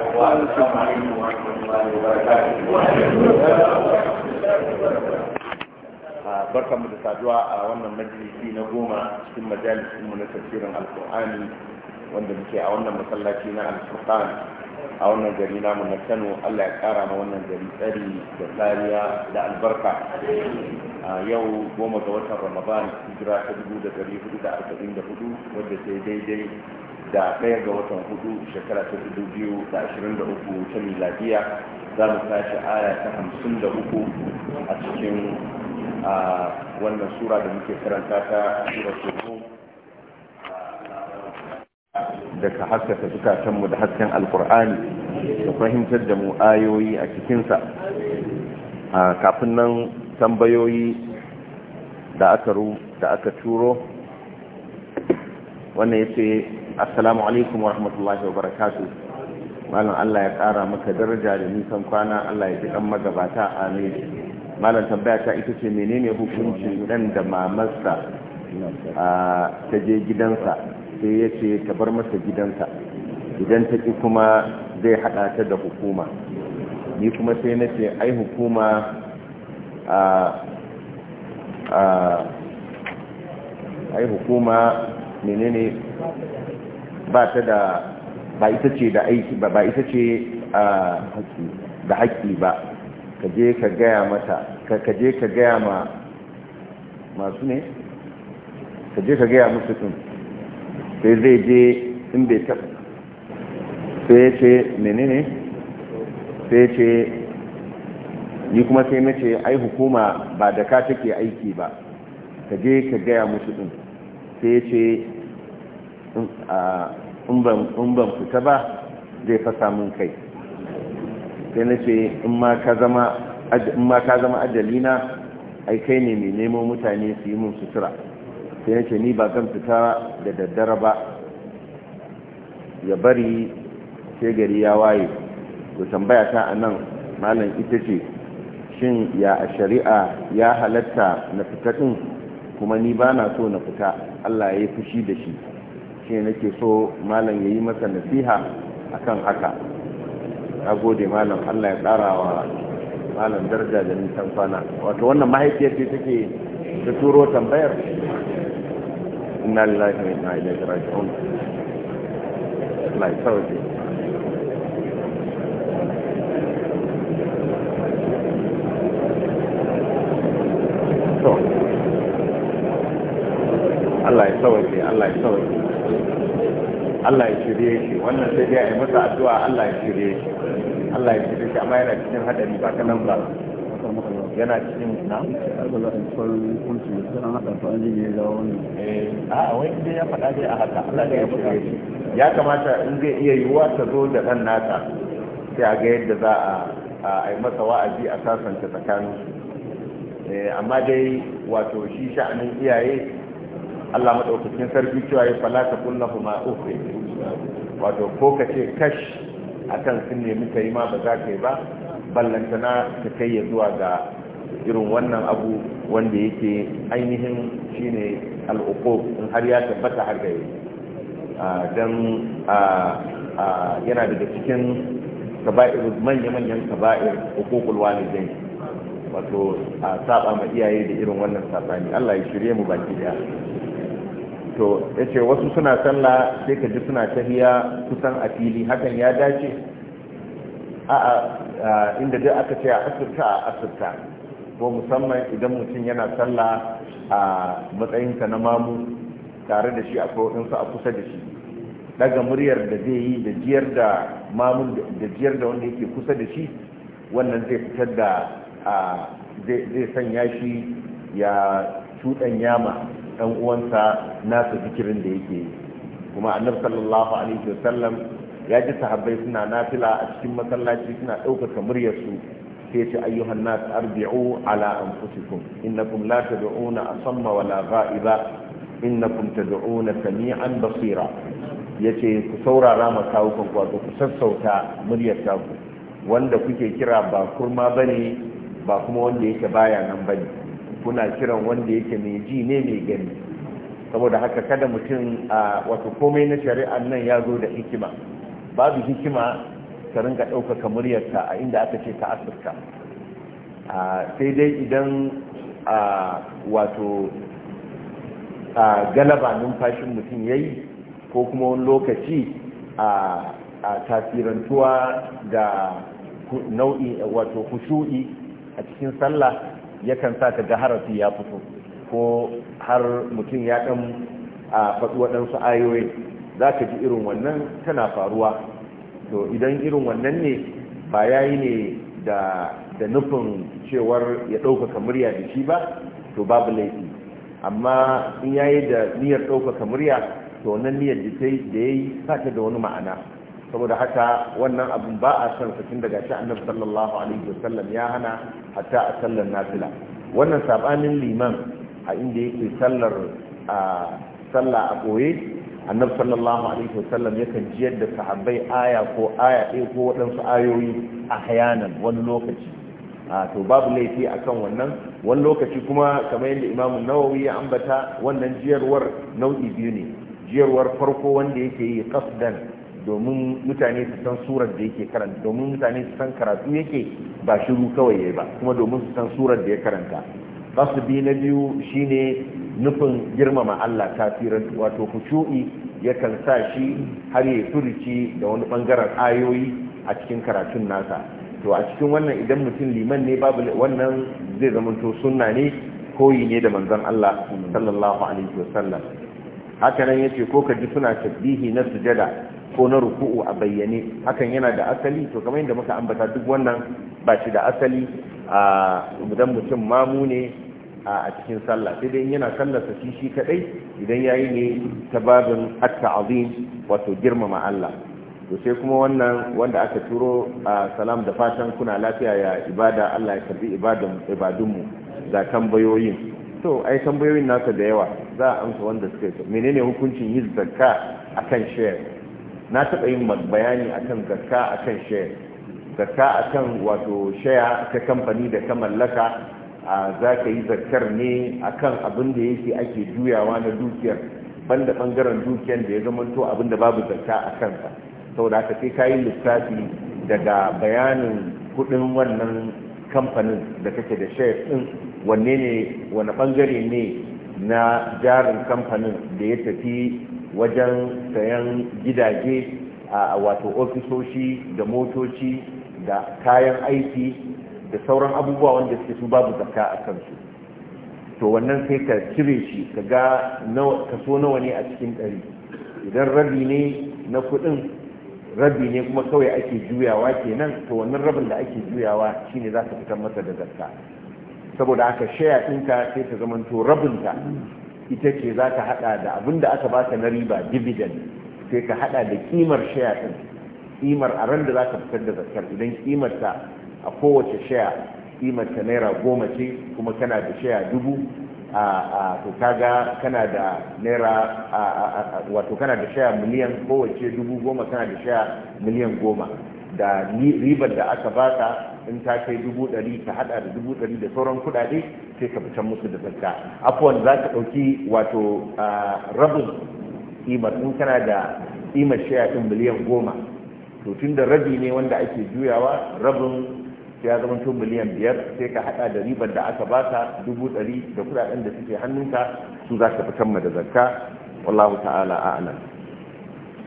وأنتم عليكم ورحمة ah, الله وبركاته barka mu da saduwa a wannan majalisi na goma cikin majalisin mu na tafsirin alkur'ani wanda muke a wannan masallaci na alfurqan a wannan gari namu na Kano Allah ya kara ma wannan gari tsari da kariya da albarka a yau goma ga watan Ramadan hijira ta dubu da da da arba'in 1444 wadda sai daidai da ɗaya ga watan hudu shekara ta dubu biyu da ashirin da uku ta miladiya za mu tashi aya ta hamsin da uku a cikin wannan sura da muke karanta ta sura soso daga haskaka zukatanmu da hasken alkur'ani da fahimtar da mu ayoyi a cikinsa kafin nan tambayoyi da aka turo wannan ya ce assalamu alaikum wa rahmatullahi wa barakatu malam Allah ya kara maka daraja da nisan kwana Allah ya ji dan magabata amin malam tambaya ta ita ce menene hukuncin dan da mamarsa ta je gidansa sai ya ce ta bar masa gidansa idan ta ki kuma zai haɗa ta da hukuma ni kuma sai na ce ai hukuma ai hukuma menene ba ta da ba ita ce da aiki ba ba ita ce da haƙi ba ka je ka gaya mata ka je ka gaya ma masu ne ka je ka gaya musu sun sai zai je in bai taɓa sai ya ce menene sai ya ce ni kuma sai mace ce ai hukuma ba da ka take aiki ba ka je ka gaya musu tun sai ya ce in ban fita ba zai fasa mun kai sai na ce in ma ka zama ajalina ai kai ne mai nemo mutane su yi mun sutura sai na ce ni ba zan fita da daddare ba ya bari sai gari ya waye ku tambaya ta a nan malam ita ce shin ya a shari'a ya halatta na fita ɗin kuma ni ba na so na fita allah ya yi fushi da shi shi nake so malam ya yi masa nasiha akan haka na gode malam allah ya tsara wa malam daraja da nisan kwana wato wannan mahaifiyar ce take ta turo tambayar inna lillahi wa inna ilaihi raji'un Allah ya sauke Allah ya sauke Allah ya sauke Allah ya shirye shi wannan sai dai a yi masa addu'a Allah ya shirye shi Allah ya shirye shi amma yana cikin hadari ba kanan ba yana cikin na eh, a wai dai ya faɗa dai a haka Allah ya shirye shi ya kamata in zai iya yiwuwa ta zo da ɗan nata sai a ga yadda za a yi masa wa'azi a sasanta tsakanin eh, amma dai wato shi sha'anin iyaye Allah madaukakin sarki cewa ya fala ta kullahu ma ukhri wato ko ka ce kash akan sun nemi yi ma ba za ka yi ba ballantana ta kai ya zuwa ga irin wannan abu wanda yake ainihin shine al'uqub in har ya tabbata har ga yi dan yana daga cikin kaba'ir manya-manyan kaba'ir hukukul walidai wato a saba ma iyaye da irin wannan sabani Allah ya shirye mu baki daya to ya ce wasu suna sallah sai ka ji suna tahiya kusan a fili hakan ya dace a inda dai aka ce a asirta a asirta ko musamman idan mutum yana sallah a matsayinka na mamu tare da shi a kowinsu a kusa da shi daga muryar da zai yi da jiyar da mamun da jiyar da wanda yake kusa da shi wannan zai fitar da zai sanya shi ya cuɗan yama dan uwansa nasa zikirin da yake yi kuma annabi sallallahu alaihi wasallam ya ji sahabbai suna nafila a cikin masallaci suna ɗaukaka muryarsu sai ce ayyuhan nas arbi'u ala anfusikum innakum la tad'una asamma wala gha'iba innakum tad'una sami'an basira yace ku saurara ma kawukan ku wato ku sassauta muryar ku wanda kuke kira ba kurma bane ba kuma wanda yake baya nan bane kuna kiran wanda yake mai ji ne mai gani saboda haka kada mutum a wato komai na shari'an nan ya zo da hikima babu hikima ta ringa ɗaukaka muryarka a inda aka ce ta asirka sai dai idan wato galaba numfashin mutum ya yi ko kuma wani lokaci a tasirantuwa da nau'i wato kushu'i a cikin sallah yakan sa ka ga harafi ya fito ko har mutum ya ɗan a faɗi waɗansu ayoyi za ka ji irin wannan tana faruwa to idan irin wannan ne ba ya yi ne da nufin cewar ya ɗaukaka murya da shi ba to babu laifi amma in ya yi da niyyar ɗaukaka murya to wannan niyyar da ta yi da ya yi sa ta da wani ma'ana saboda haka wannan abin ba a son sakin daga shi annabi sallallahu alaihi wasallam ya hana hatta a sallar nafila wannan sabanin liman a inda yake sallar a sallah a boye annabi sallallahu alaihi wasallam kan jiyar da sahabbai aya ko aya ɗaya ko waɗansu ayoyi a hayanan wani lokaci to babu laifi akan wannan wani lokaci kuma kamar yadda imamu nawawi ya ambata wannan jiyarwar nau'i biyu ne jiyarwar farko wanda yake yi kasdan domin mutane su san surar da yake karanta domin mutane su san karatu yake ba shiru kawai ya ba kuma domin su san surar da ya karanta basu bi na biyu shine nufin girmama Allah kafiran wato ya yakan sa shi har ya furuci da wani bangaren ayoyi a cikin karatun nasa to a cikin wannan idan mutum liman ne babu wannan zai zamanto sunna ne koyi ne da manzon Allah sallallahu alaihi wasallam haka nan yace ko ka ji suna tasbihi na sujada ko na ruku'u a bayyane hakan yana da asali to kamar yadda muka ambata duk wannan ba shi da asali a idan mutum mamu ne a cikin sallah sai dai yana sa shi shi kadai idan yayi ne ta babin at-ta'zim wato girmama Allah to sai kuma wannan wanda aka turo salam da fatan kuna lafiya ya ibada Allah ya karbi ibadan ibadunmu ga tambayoyin to ai tambayoyin nasa da yawa za a amsa wanda suka yi menene hukuncin yin zakka akan share na taɓa yin bayani akan zakka akan share zakka akan wato share ta kamfani da ka mallaka a za ka yi zakkar ne akan abin da yake ake juyawa na dukiyar banda bangaren dukiyar da ya to abin da babu zakka a kansa saboda haka sai ka yi lissafi daga bayanin kuɗin wannan kamfanin da kake da share ɗin wanne ne wani bangare ne na jarin kamfanin da ya tafi wajen sayan gidaje a wato ofisoshi da motoci da kayan aiki da sauran abubuwa wanda suke su babu zakka a kansu to wannan sai ka cire shi ka ga kaso nawa ne a cikin ɗari idan rabi ne na kuɗin rabi ne kuma kawai ake juyawa kenan to wannan rabin da ake juyawa shine za ka fitar masa da zakka saboda aka shaya ɗinka sai ka zamanto rabinka ita ce za ka hada da abin da aka baka na riba dividend sai ka hada da kimar shaya din kimar a ran da za ka fitar da zakar idan kimarta a kowace shaya kimarta naira goma ce kuma kana da shaya dubu a to kaga kana da naira wato kana da shaya miliyan kowace dubu goma kana da shaya miliyan goma da ribar da aka baka in ta kai dubu ɗari ka haɗa da dubu ɗari da sauran kuɗaɗe sai ka fitan musu da zakka afuwan za ka ɗauki wato rabin imar in kana da imar shaya ɗin miliyan goma to tun da rabi ne wanda ake juyawa rabin ya zama tun miliyan biyar sai ka haɗa da ribar da aka baka dubu ɗari da kuɗaɗen da suke hannunka su za ka fitan ma da zakka wallahu ta'ala a'lam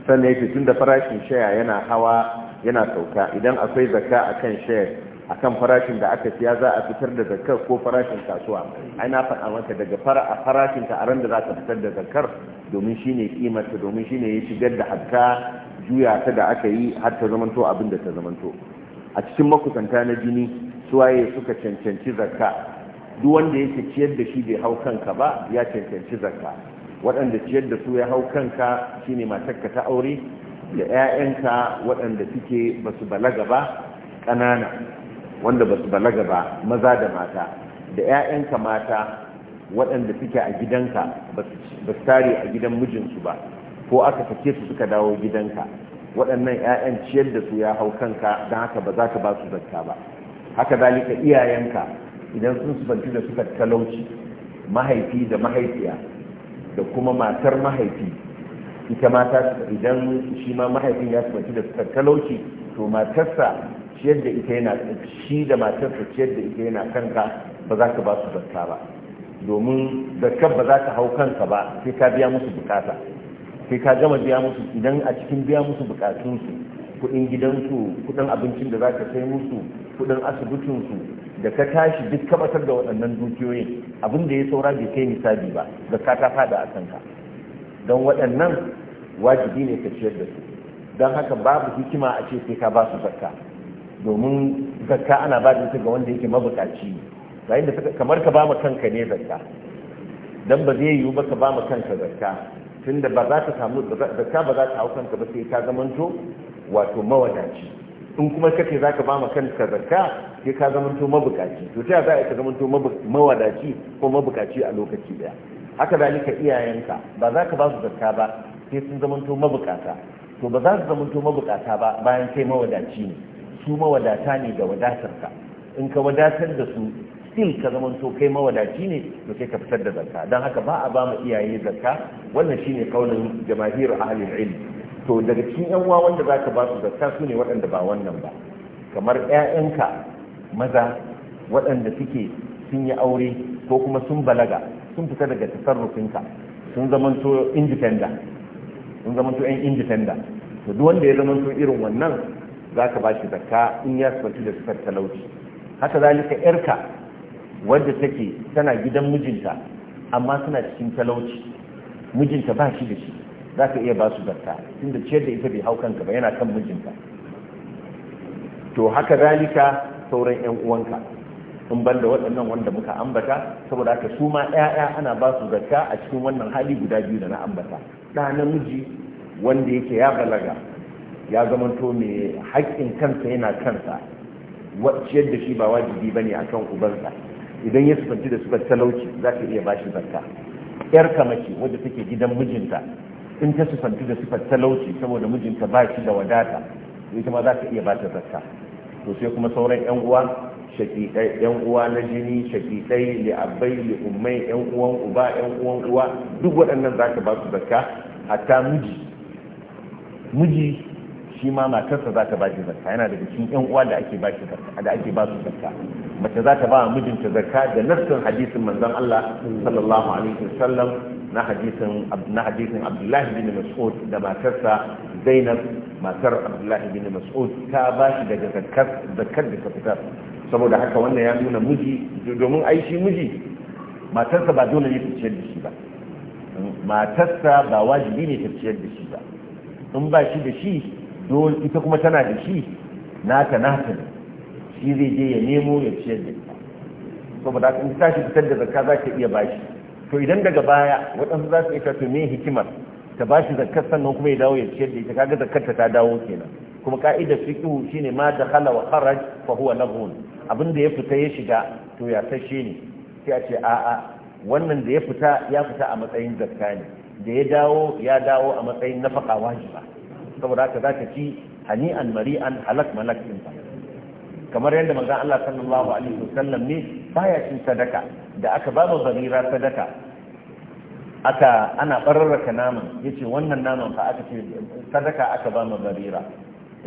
sannan yake tun da farashin shaya yana hawa yana sauka idan akwai zakka a shayar a kan farashin da aka siya za a fitar da zakkar ko farashin kasuwa ai na faɗa maka daga fara a farashin ka a da za ka fitar da zakkar domin shine kimarta domin shine ya shigar da hatta juya ta da aka yi har ta zamanto abin da ta zamanto a cikin makusanta na jini suwaye suka cancanci zakka duk wanda yake ciyar da shi bai hau kanka ba ya cancanci zakka waɗanda ciyar da su ya hau kanka shine matarka ta aure da 'ya'yanka waɗanda suke ba balaga ba ƙanana wanda ba balaga ba maza da mata da 'ya'yanka mata waɗanda suke a gidanka ba su tare a gidan mijinsu ba ko aka sake su suka dawo gidanka waɗannan 'ya'yan ciyar da su ya hau kanka don haka ba za ka ba su zakka ba haka dalika iyayenka idan sun sufanci da suka talauci mahaifi da mahaifiya da kuma matar mahaifi ita ma idan shi ma mahaifin ya tabbaci da suka talauci to matarsa ciyar da ita yana shi da matarsa ciyar da ita yana kanka ba za ka ba su zakka ba domin zakkar ba za ka hau kanka ba sai ka biya musu bukata sai ka gama biya musu idan a cikin biya musu bukatunsu kudin gidansu kudin abincin da za ka sai musu kudin asibitinsu da ka tashi duk kabatar da waɗannan dukiyoyin abin da ya saura bai kai nisabi ba zakka ta fada a kanka don waɗannan wajibi ne ka ciyar da su don haka babu hikima a ce sai ka ba su zakka domin zakka ana ba da ga wanda yake mabukaci bayan da kamar ka ba mu kanka ne zakka dan ba zai yiwu ba ka ba mu kanka zakka tunda ba za ka samu zakka ba za ta hau kanka ba sai ka zamanto wato mawadaci in kuma kake za ka ba mu kanka zakka sai ka zamanto mabukaci to ta za ka zamanto mawadaci ko mabukaci a lokaci daya haka zalika iyayenka ba za ka ba su zakka ba sai sun zamanto mabukata to ba za su zamanto mabukata ba bayan kai mawadaci ne su mawadata ne da wadatarka in ka wadatar da su still ka zamanto kai mawadaci ne to sai ka fitar da zakka don haka ba a ba mu iyaye zakka wannan shine kaulin jamahir ahlul ilm to daga cikin yan uwa wanda za ka ba su zakka su ne waɗanda ba wannan ba kamar ƴaƴanka maza waɗanda suke sun yi aure ko kuma sun balaga sun fita daga tasarrufinka sun to independent sun to yan independent to duk wanda ya zamanto irin wannan za ka ba shi zakka in ya sabati da sifar talauci haka zalika yarka wadda take tana gidan mijinta amma suna cikin talauci mijinta ba shi da shi za ka iya ba su zakka tunda ciyar da ita bai hau kanka ba yana kan mijinta to haka zalika sauran yan uwanka in banda waɗannan wanda muka ambata saboda haka su ma ana ba su zakka a cikin wannan hali guda biyu da na ambata ɗa namiji wanda yake ya balaga ya zamanto mai haƙƙin kansa yana kansa ciyar da shi ba wajibi ba ne akan ubansa idan ya sufanci da sufar talauci za ka iya bashi zakka yar mace wadda take gidan mijinta in ta sufanci da sufar talauci saboda mijinta ba shi da wadata ita ma za ka iya ba ta zakka to kuma sauran yan uwa shakikai yan uwa na jini shakikai li abbai li ummai yan uwan uba yan uwan uwa duk waɗannan za zaka ba su zakka hatta miji miji shi ma matarsa za ta ba shi zakka yana daga cikin yan uwa da ake ba shi zakka da ake ba su zakka mace za ta ba wa mijinta zakka da nassin hadisin manzon Allah sallallahu alaihi wasallam na hadisin na hadisin Abdullahi bin Mas'ud da matarsa Zainab matar Abdullahi bin Mas'ud ta ba shi daga zakkar zakkar da ta fitar saboda haka wannan ya nuna miji domin aishi miji matarsa ba dole ne ta ciyar da shi ba matarsa ba wajibi ne ta ciyar da shi ba in ba shi da shi dole ita kuma tana da shi nata nata ne shi zai je ya nemo ya ciyar da ita saboda haka in ta shi fitar da zakka za ka iya bashi to idan daga baya waɗansu za su iya to me hikimar ta bashi zakkar sannan kuma ya dawo ya ciyar da ita kaga zakkar ta dawo kenan kuma ka'idar fiqhu shine ma dakhala wa kharaj fa huwa laghun abinda ya fita ya shiga to ya sashe ne sai a ce a a wannan da ya fita ya fita a matsayin zakka ne da ya dawo ya dawo a matsayin nafaka wajiba saboda haka zaka ci hani'an mari'an halak malak din ba kamar yadda manzon Allah sallallahu alaihi wasallam ne baya cin sadaka da aka ba mu barira sadaka aka ana bararraka naman yace wannan naman fa aka ce sadaka aka ba mu barira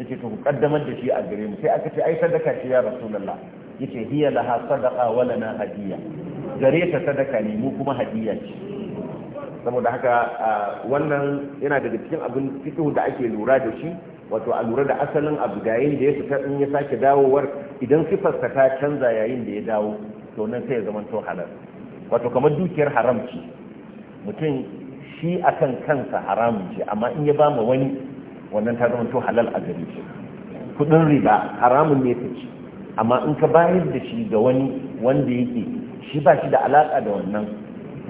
yake to kaddamar da shi a gare mu sai aka ce ai sadaka ce ya rasulullah yake hiya laha sadaqa wa lana hadiya gare ta sadaka ne mu kuma hadiya ce saboda haka wannan yana daga cikin abin fiqh da ake lura da shi wato a lura da asalin abu da yayin da ya fita in ya sake dawowar idan sifarsa ta canza yayin da ya dawo to nan sai ya zama to halal wato kamar dukiyar haramci mutum shi akan kansa haramun ce amma in ya ba ma wani wannan ta zama to halal a gari shi kudin riba haramun ne ta ci amma in ka bayar da shi ga wani wanda yake shi ba shi da alaka da wannan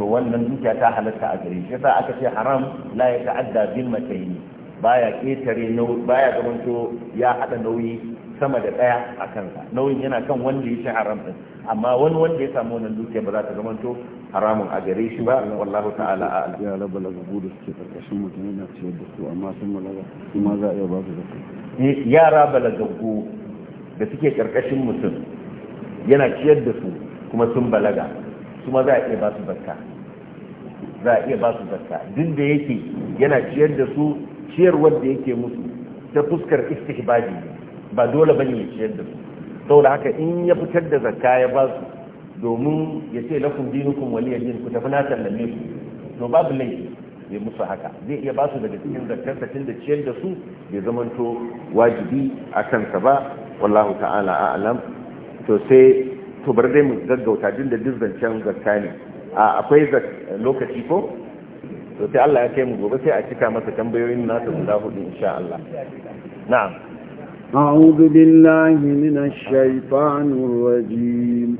to wannan dukiya ta halatta a gari shi yasa aka ce haram la ya ta'adda bil matayni baya ketare nauyi baya zamanto ya hada nauyi sama da daya a kansa nauyin yana kan wanda ya ci haram din amma wani wanda ya samu wannan dukiya ba za ta zamanto haramun a gare shi ba wallahu ta'ala a'ala ya la balaga budu suke karkashin mutum yana ciyar da su amma sun balaga kuma za a iya ba su zakka eh, yara balagaggu da suke karkashin mutum yana ciyar da su kuma sun balaga su ma za a iya ba su zakka za a iya ba su zakka duk da yake yana ciyar da su ciyar wanda yake musu ta fuskar istihbabi ba dole bane ya ciyar da su saboda haka in ya fitar da zakka ya ba su domin ya ce lakum dinukum waliya din ku tafi na sallame ku to babu laifi ya musu haka zai iya ba su daga cikin zakkarsa tun da ciyar da su bai zamanto wajibi a kansa ba wallahu ta'ala a'lam to sai to bar dai mu gaggauta din da duk zancen zakka ne a akwai lokaci ko to sai Allah ya kai mu gobe sai a cika masa tambayoyin nasa guda hudu insha Allah na'am أعوذ بالله من الشيطان الرجيم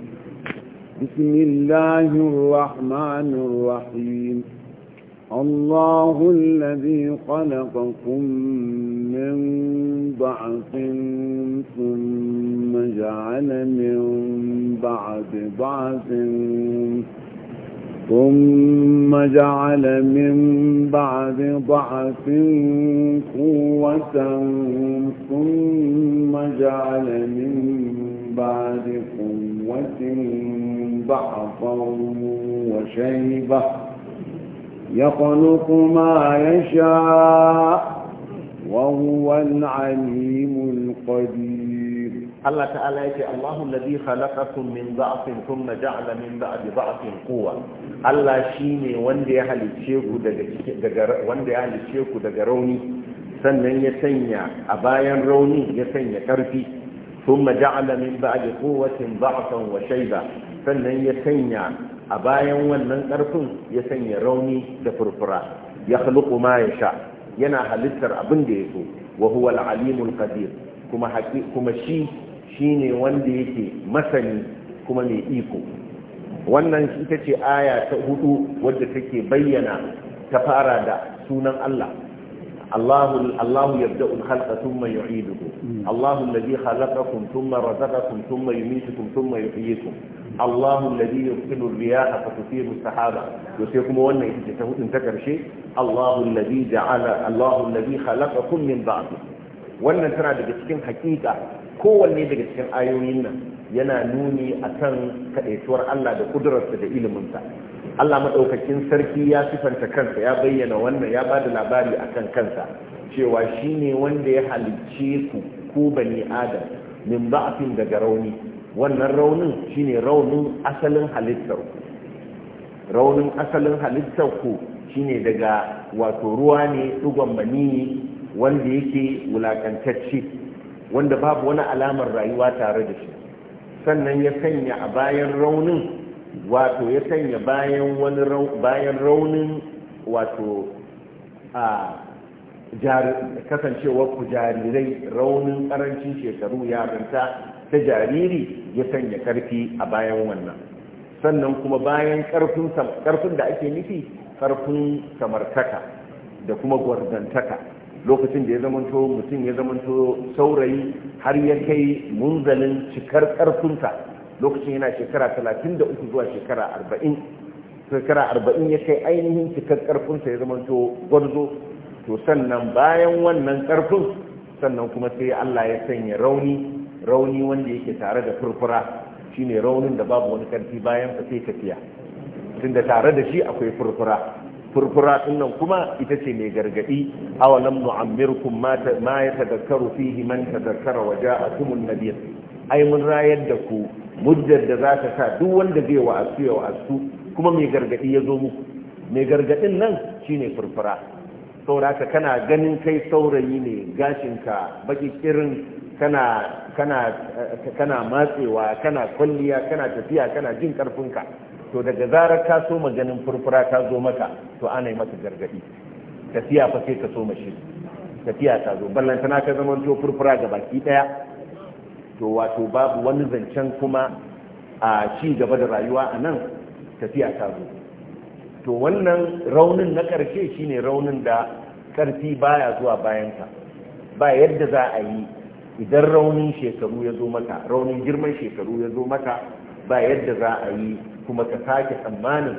بسم الله الرحمن الرحيم الله الذي خلقكم من ضعف ثم جعل من بعد ضعف ثم جعل من بعد ضعف قوة ثم جعل من بعد قوة بعضا وشيبة يخلق ما يشاء وهو العليم القدير الله تعالى يقول الله الذي خلقكم من ضعف ثم جعل من بعد ضعف قوة الله شيني wanda ya halicce ku daga rauni sannan ya sanya a bayan rauni ya sanya ƙarfi ثم جعل من بعد قوة ضعفا وشيبا sannan ya sanya a bayan wannan ƙarfin ya sanya rauni da furfura ya khluqu ma sha yana halittar abin da yake wa huwa al-alimul qadir kuma haƙi kuma shi shine wanda yake masani kuma mai iko wannan ita ce aya ta hudu wadda take bayyana ta fara da sunan Allah الله الله يبدا الخلق ثم يعيده الله الذي خلقكم ثم رزقكم ثم يميتكم ثم يحييكم Allahu alladhi yusilu riyaha fa tusiru sahaba to sai kuma wannan ita ce ta hudun ta karshe Allahu da ja'ala Allahu alladhi khalaqakum min ba'd wannan tana daga cikin hakika kowanne daga cikin ayoyin nan yana nuni akan kaɗaituwar Allah da kudurarsa da iliminsa Allah maɗaukakin sarki ya sifanta kansa ya bayyana wannan ya ba da labari akan kansa cewa shi ne wanda ya halicce ku ku bani adam min ba'fin daga rauni wannan raunin shine raunin asalin halittar ku raunin asalin halittar ku shine daga wato ruwa ne dugon maniyi wanda yake wulakantacce wanda babu wani alamar rayuwa tare da shi sannan ya sanya a bayan raunin wato ya sanya bayan raunin wato a kasancewar ku jarirai raunin karancin shekaru ya yarinta ta jariri ya sanya ƙarfi a bayan wannan sannan kuma bayan karfin da ake nufi ƙarfin samartaka da kuma gwarzantaka lokacin da ya zamanto mutum ya zamanto saurayi har ya kai munzalin cikar karfinsa lokacin yana shekara 33 zuwa shekara 40 shekara 40 ya kai ainihin cikar sa ya zamanto gwarzo to sannan bayan wannan ƙarfin sannan kuma sai Allah ya sanya rauni rauni wanda yake tare da furfura shine raunin da babu wani karfi bayan sa sai tafiya tunda tare da shi akwai furfura furfura nan kuma ita ce mai gargadi awalam nu'ammirkum ma ma yatadakkaru fihi man tadakkara wa ja'akumun nabiyyu ai mun rayar da ku muddar da za ta sa duk wanda zai wa'azu ya asu kuma mai gargadi ya zo muku mai gargadin nan shine furfura saboda kana ganin kai saurayi ne gashinka baki kirin kana kana matsewa kana kwalliya kana tafiya kana jin karfinka to daga zarar ka so maganin furfura ta zo maka to ana yi mata gargadi tafiya fa sai ka so mashi tafiya ta zo tana ka zama to furfura ga baki daya to wato babu wani zancen kuma a ci gaba da rayuwa a nan tafiya ta zo to wannan raunin na ƙarshe shine raunin da karfi baya zuwa bayanka ba yadda za a yi idan raunin shekaru ya zo maka raunin girman shekaru ya zo maka ba yadda za a yi kuma ka sake tsammanin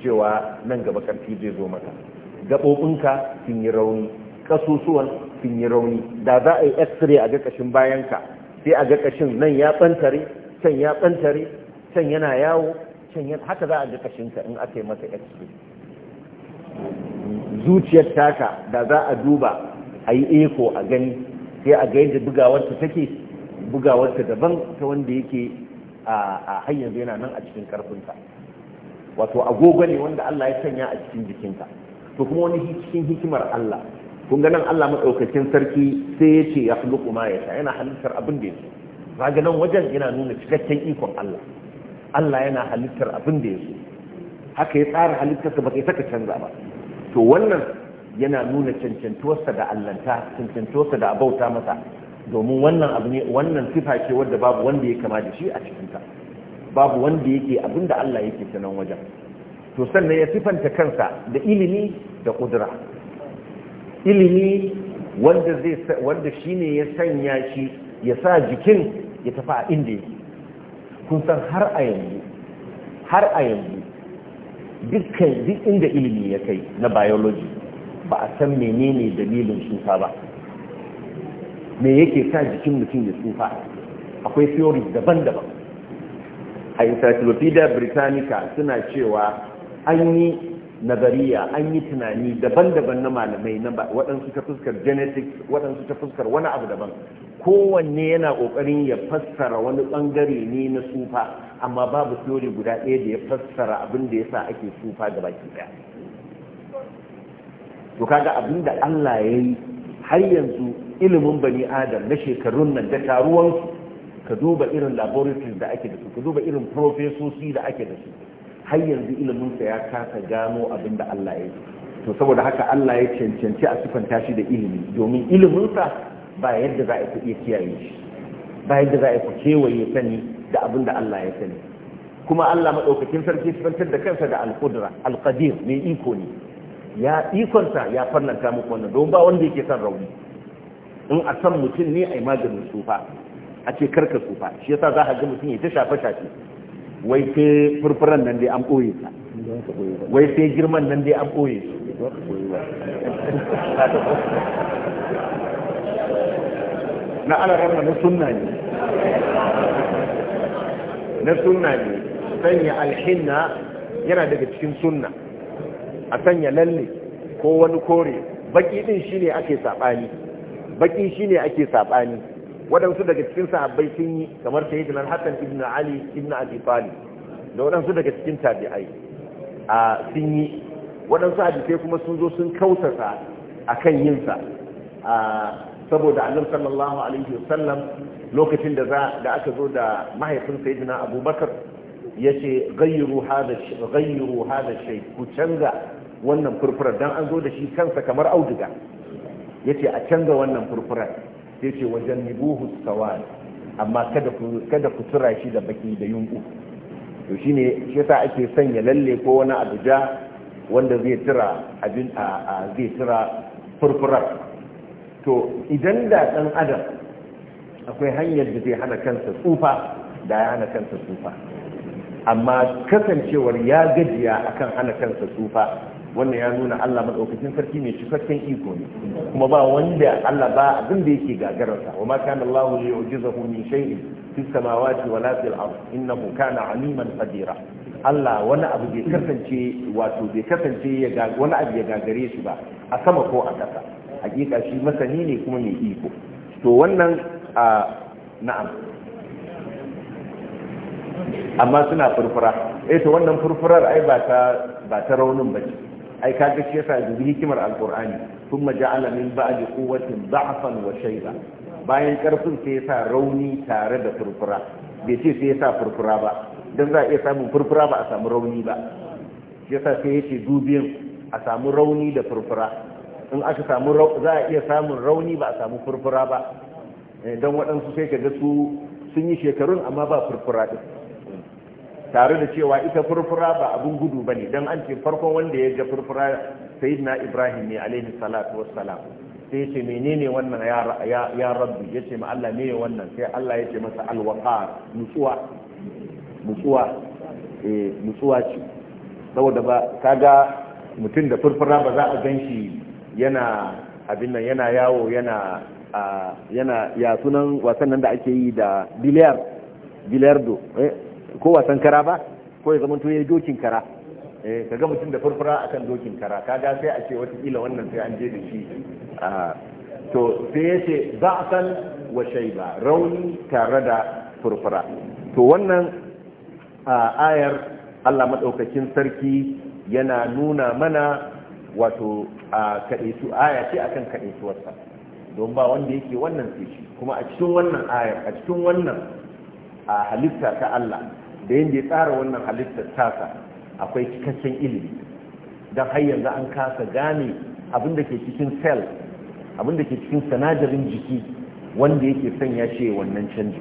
cewa nan gaba karfi zai zo maka gaɓoɓinka sun yi rauni ƙasusuwan sun yi rauni da za a yi x-ray a ga ƙashin bayanka sai a ga ƙashin nan ya ɓantare can ya ɓantare can yana yawo can yana haka za a ga ƙashinka in aka yi masa x-ray zuciyar taka da za a duba a yi eko a gani sai a ga yadda bugawarta take bugawarta daban ta wanda yake a hanyar yana nan a cikin karfinta wato agogo ne wanda Allah ya sanya a cikin jikinta to kuma wani cikin hikimar Allah kun ga nan Allah madaukakin sarki sai ya ce ya khluqu ma yasha yana halittar abin da yake zaga nan wajen yana nuna cikakken ikon Allah Allah yana halittar abin da yake haka ya tsara halittarsa ba kai saka canza ba to wannan yana nuna cancantuwarsa da allanta cancantuwarsa da abauta masa domin wannan abu ne wannan sifa ce wadda babu wanda ya kama da shi a cikinta babu wanda yake abinda Allah yake sanan wajen to sannan ya sifanta kansa da ilimi da kudura ilimi wanda zai wanda shine ya sanya shi ya sa jikin ya tafi a inda yake kun san har a yanzu har a yanzu dukkan duk inda ilimi ya kai na biology ba a san menene dalilin tsufa ba me yake sa jikin mutum ya tsufa akwai theories daban-daban a encyclopedia britannica suna cewa an yi nazariya an yi tunani daban-daban na malamai na waɗansu ta fuskar genetics waɗansu ta fuskar wani abu daban kowanne yana ƙoƙarin ya fassara wani ɓangare ne na tsufa amma babu theory guda ɗaya da ya fassara abin da ya sa ake tsufa gaba baki ɗaya to kaga abinda Allah ya yi har yanzu ilimin bani adam na shekarun nan da taruwansu ka duba irin laboratories da ake da su ka duba irin profesoci da ake da su har yanzu iliminsa ya kasa gano abinda Allah ya yi to saboda haka Allah ya cancanci a sifanta shi da ilimi domin iliminsa ba yadda za a ku iya kiyaye shi ba yadda za a ku kewaye sani da abinda Allah ya sani kuma Allah maɗaukakin sarki sifantar da kansa da al-kudura, al-qadir mai iko ne ya ikonta ya fannanta muku wannan don ba wanda yake son rauni in a san mutum ne a yi maganin tsufa a ce karka tsufa shi yasa za a ga mutum ya ta shafe shafe wai sai furfuran nan dai an ɓoye ta wai sai girman nan dai an ɓoye na ana rama na sunna ne na sunna ne sanya alhinna yana daga cikin sunna a sanya lalle ko wani kore baki din shine ake sabani baki shine ake sabani waɗansu daga cikin sahabbai sun yi kamar sayyidina Hassan ibn Ali ibn Abi Talib da waɗansu daga cikin tabi'ai a sun yi waɗansu hadisai kuma sun zo sun kautata akan yin sa saboda annabi sallallahu alaihi wasallam lokacin da za da aka zo da mahaifin sayyidina Abubakar yace ghayru hadha gayyiru hada shay ku canza wannan furfurar dan an zo da shi kansa kamar auduga yace a canza wannan furfurar sai ce wajen nibuhu sawal amma kada ku kada ku tura shi da baki da yunku to shine shi yasa ake sanya lalle ko wani abuja wanda zai tura abin a zai tura furfurar to idan da dan adam akwai hanyar da zai hana kansa tsufa da ya hana kansa tsufa amma kasancewar ya gajiya akan hana kansa tsufa wannan ya nuna Allah madaukakin sarki mai cikakken iko ne kuma ba wanda Allah ba abin da yake gagararsa wa ma kana Allahu li yu'jizahu min shay'in fi samawati wa la fil ard innahu kana aliman qadira Allah wani abu bai kasance wato bai kasance ya ga wani abu ya gagare shi ba a sama ko a ƙasa hakika shi masani ne kuma mai iko to wannan a na'am amma suna furfura eh to wannan furfurar ai ba ta ba ta raunin bace ai kaga shi yasa dubi hikimar alqur'ani thumma ja'ala min ba'di quwwatin da'fan wa shayba bayan karfin sai yasa rauni tare da furfura bai ce sai yasa furfura ba dan za a iya samun furfura ba a samu rauni ba shi yasa sai yace dubiyin a samu rauni da furfura in aka samu za a iya samun rauni ba a samu furfura ba eh, dan waɗansu sai kaga su sun yi shekarun amma ba furfura din tare da cewa ita furfura ba abin gudu ba ne don an ce farkon wanda ya ga furfura sayidina ibrahim ne alaihi salatu wassalam sai ce menene wannan ya rabbi ya ce ma Allah ne wannan sai Allah ya ce masa alwaqar nutsuwa nutsuwa eh nutsuwa ce saboda ba kaga mutum da furfura ba za a ganshi yana abin nan yana yawo yana yana ya sunan wasan nan da ake yi da biliyar bilardo eh? ko wasan kara ba ko ya zamanto ya dokin kara ka eh, kaga mutum da furfura akan dokin kara kaga sai a ce kila wannan sai an je da shi ah, to sai ya ce ba'san wa shaiba rauni tare da furfura to wannan ayar Allah maɗaukacin sarki yana nuna mana wato a kaɗaitu aya ce akan wasa don ba wanda yake wannan sai shi kuma a cikin wannan ayar a cikin wannan a halitta ta Allah da yadda ya tsara wannan halittar tasa akwai cikakken ilimi don har yanzu an kasa gane abin da ke cikin cell abin da ke cikin sanadarin jiki wanda yake sanya shi wannan canji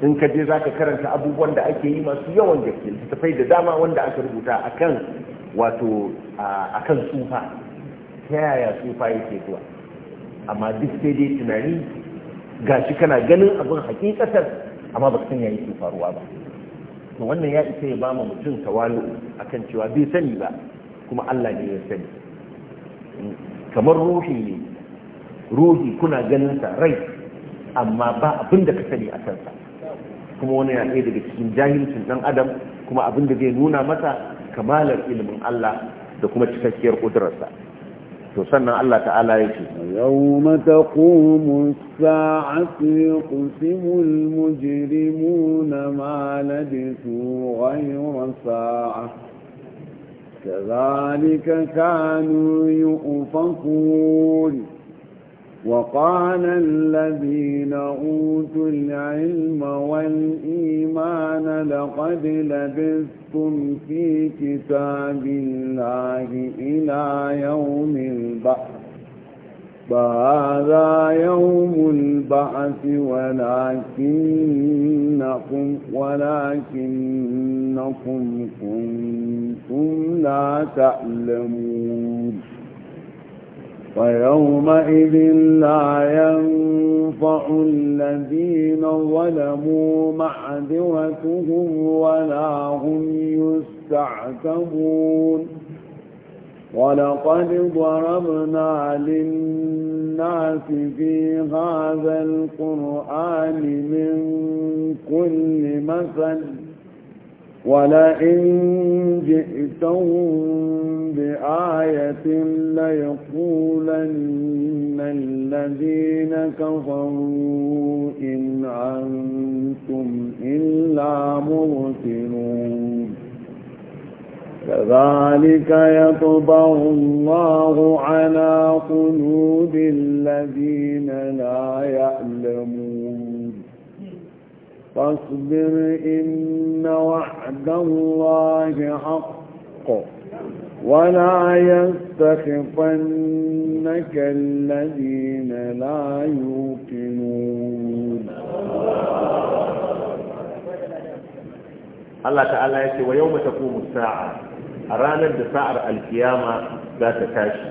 in ka je za ka karanta abubuwan da ake yi masu yawan gaske littattafai da dama wanda aka rubuta akan wato akan tsufa ta yaya tsufa yake zuwa amma duk sai dai tunani gashi kana ganin abin hakikatar amma baka san yayi ke faruwa ba to wannan ya isa ya ba mu mutum tawalu akan cewa bai sani ba kuma Allah ne ya sani kamar ruhi ne ruhi kuna ganin sa rai amma ba abin da ka sani a sa. kuma wani ya ɗaya daga cikin jahilcin ɗan adam kuma abin da zai nuna masa kamalar ilimin Allah da kuma cikakkiyar ƙudurarsa تسنى الله تعالى يوم تقوم الساعة يقسم المجرمون ما لبثوا غير ساعة كذلك كانوا يؤفقون وقال الذين أوتوا العلم والإيمان لقد لبثتم في كتاب الله إلى يوم البعث فهذا يوم البعث ولكنكم ولكنكم كنتم لا تعلمون ويومئذ لا ينفع الذين ظلموا معذرتهم ولا هم يستعتبون ولقد ضربنا للناس في هذا القرآن من كل مثل ولئن جئتهم بآية ليقولن الذين كفروا إن أنتم إلا مرسلون كذلك يطبع الله على قلوب الذين لا يعلمون فاصبر إن وعد الله حق ولا يستخفنك الذين لا يوقنون الله تعالى يقول ويوم تقوم الساعه a ranar da sa'ar alkiyama za ta tashi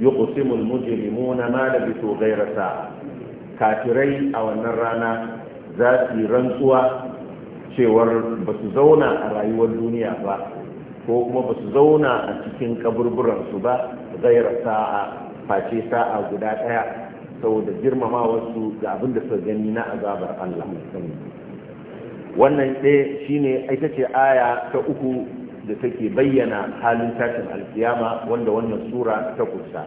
yuqsimu almujrimuna ma labithu ghayra sa'a kafirai a wannan rana za su yi rantsuwa cewar ba su zauna a rayuwar duniya ba ko kuma ba su zauna a cikin kaburburansu ba ghayra a face sa'a guda ɗaya saboda girmamawarsu ga abin da suka gani na azabar Allah wannan ɗaya shine aita ce aya ta uku da take bayyana halin tashin alkiyama wanda wannan sura ta kusa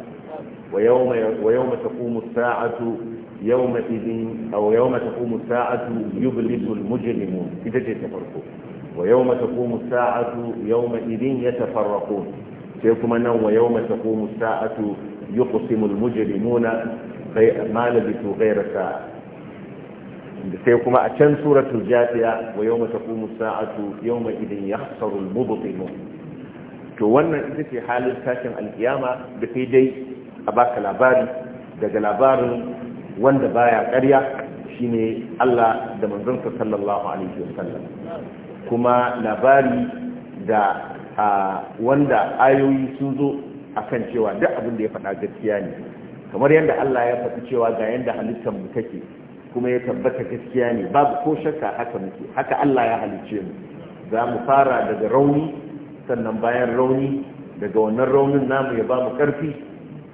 wa yawma taqumu sa'atu yawma idin aw yawma taqumu sa'atu yublisu almujrimun ita ce ta farko wa yau yawma taqumu sa'atu yawma idin yatafarraqun sai kuma nan wa yau yawma taqumu sa'atu yuqsimu almujrimuna ma labithu ghayra sa'a da sai kuma a can suratul jafiya wa yawma taqumu sa'atu yawma idin yahsaru al-mubtilun to wannan ita ce halin tashin alkiyama da sai dai a baka labari daga labarin wanda baya ƙarya shine Allah da manzonsa sallallahu alaihi wasallam kuma labari da wanda ayoyi sun zo akan cewa duk abin da ya faɗa gaskiya ne kamar yadda Allah ya faɗi cewa ga yadda halittar mu take kuma ya tabbata gaskiya ne babu ko shakka haka muke haka Allah ya halice mu za mu fara daga rauni sannan bayan rauni daga wannan raunin namu ya bamu mu karfi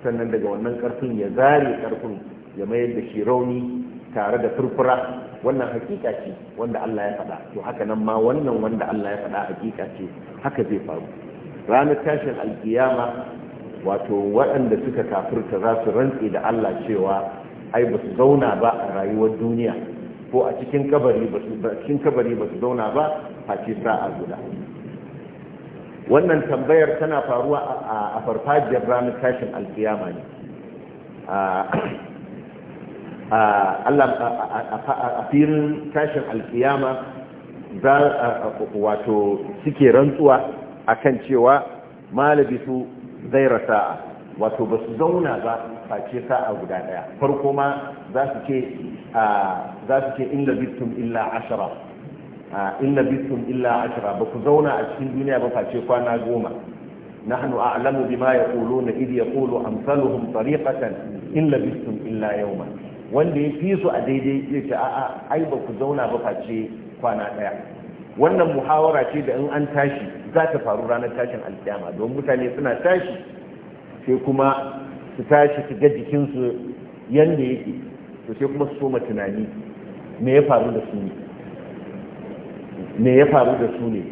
sannan daga wannan karfin ya zare karfin ya mayar da shi rauni tare da furfura wannan hakika ce wanda Allah ya faɗa to haka nan ma wannan wanda Allah ya faɗa hakika ce haka zai faru ranar tashin alkiyama wato waɗanda suka kafirta za su rantse da Allah cewa ai ba su zauna ba a rayuwar duniya ko a cikin kabari ba su zauna ba a ce sa'a guda wannan tambayar tana faruwa a farfajiyar ranar tashin alkiyama ne a filin tashin alkiyama za wato suke rantsuwa akan cewa malabisu zai rasaa wato ba su zauna ba face sa'a guda daya farko ma za su ce za su illa ashara in labittum illa ashara ba ku zauna a cikin duniya ba face kwana goma نحن أعلم بما يقولون إذ يقول أمثالهم طريقة إن لبثتم إلا يوما wanda ya fi su a daidai ya ce a'a ai ba ku zauna ba face kwana ɗaya wannan muhawara ce da in an tashi za ta faru ranar tashin alkiyama don mutane suna tashi sai kuma su tashi su ga jikinsu yadda yake to sai kuma su soma tunani me ya faru da su ne me ya faru da su ne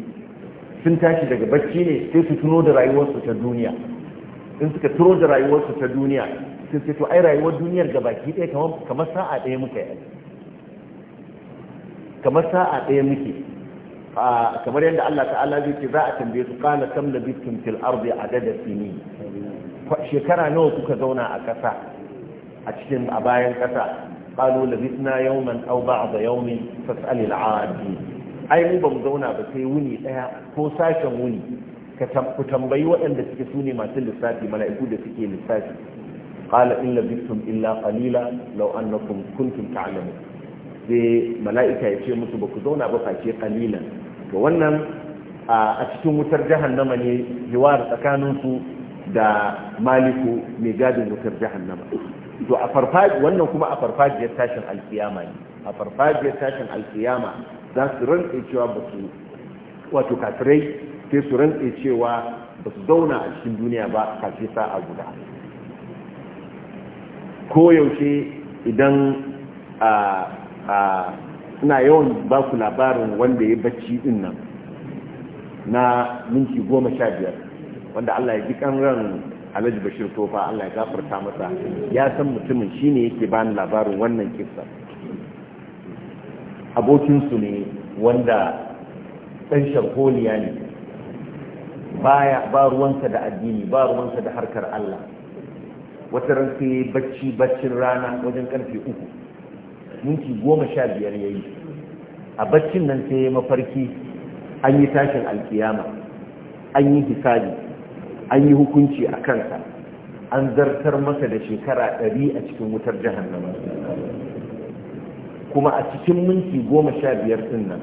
sun tashi daga bacci ne sai su tuno da rayuwarsu ta duniya in suka tuno da rayuwarsu ta duniya sun ce to ai rayuwar duniyar ga baki ɗaya kamar sa'a ɗaya muka yi kamar sa'a ɗaya muke kamar yadda Allah ta'ala zai ce za a tambaye su kana kam labistum fil ardi adada sinin shekara nawa kuka zauna a ƙasa a cikin a bayan ƙasa qalu labithna yawman aw ba'da yawmin fas'al al-'adi ai mu bamu zauna ba sai wuni daya ko sashen wuni Ku tambayi waɗanda suke sune masu lissafi mala'iku da suke lissafi qala in labithtum illa qalila law annakum kuntum ta'lamun sai mala'ika ya ce musu ba ku zauna ba face qalilan to wannan a cikin wutar jahannama ne hiwar tsakaninsu da maliku mai gadin wutar jahannama to a farfaji wannan kuma a farfajiyar tashin alkiyama ne a farfajiyar tashin alkiyama za su rantse cewa ba su wato kafirai sai su rantse cewa ba su zauna a cikin duniya ba kafin a guda Ko yaushe idan a suna yawan ba ku labarin wanda ya bacci din nan na minti goma sha biyar wanda Allah ya ji kan ran Alhaji Bashir Tofa Allah ya gafarta masa ya san mutumin shine yake bani labarin wannan kissa abokin su ne wanda dan sharholiya ne baya ba ruwansa da addini ba ruwansa da harkar Allah wata ran sai bacci baccin rana wajen karfe uku minti goma sha biyar ya yi a baccin nan sai mafarki an yi tashin alkiyama an yi hisabi an yi hukunci a kansa an zartar masa da shekara ɗari a cikin wutar jahannama kuma a cikin minti goma sha biyar sun nan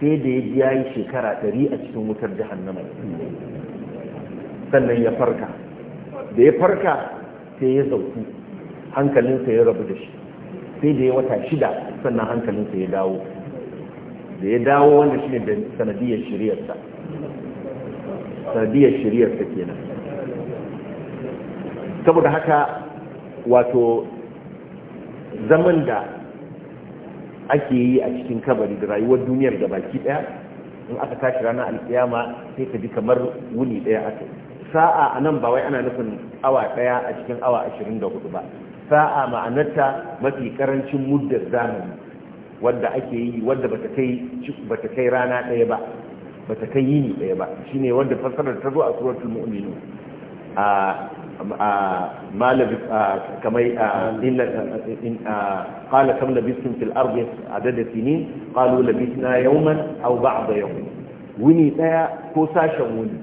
sai da ya biya yi shekara ɗari a cikin wutar jahannama sannan ya farka da ya farka sai ya zauku hankalinsa ya rabu da shi sai da ya wata shida sannan hankalinsa ya dawo da ya dawo wanda shi ne da sanadiyar shiryarsa sanadiyar shari'ar ta kenan saboda haka wato zaman da ake yi a cikin kabari da rayuwar duniyar da baki daya in aka tashi ranar alkiyama sai ka ji kamar wuni daya aka sa'a a nan ba wai ana nufin awa daya a cikin awa 24 ba sa'a ma'anarta mafi karancin muddar zamani wadda ake yi wadda bata kai rana daya ba ba ta kai yini ɗaya ba shine wanda fassarar ta zo a suratul mu'minun a malabi kamar qala kam labistin fil ardi adada sinin qalu labisna yawman aw ba'da yawm wuni daya ko sashen wuni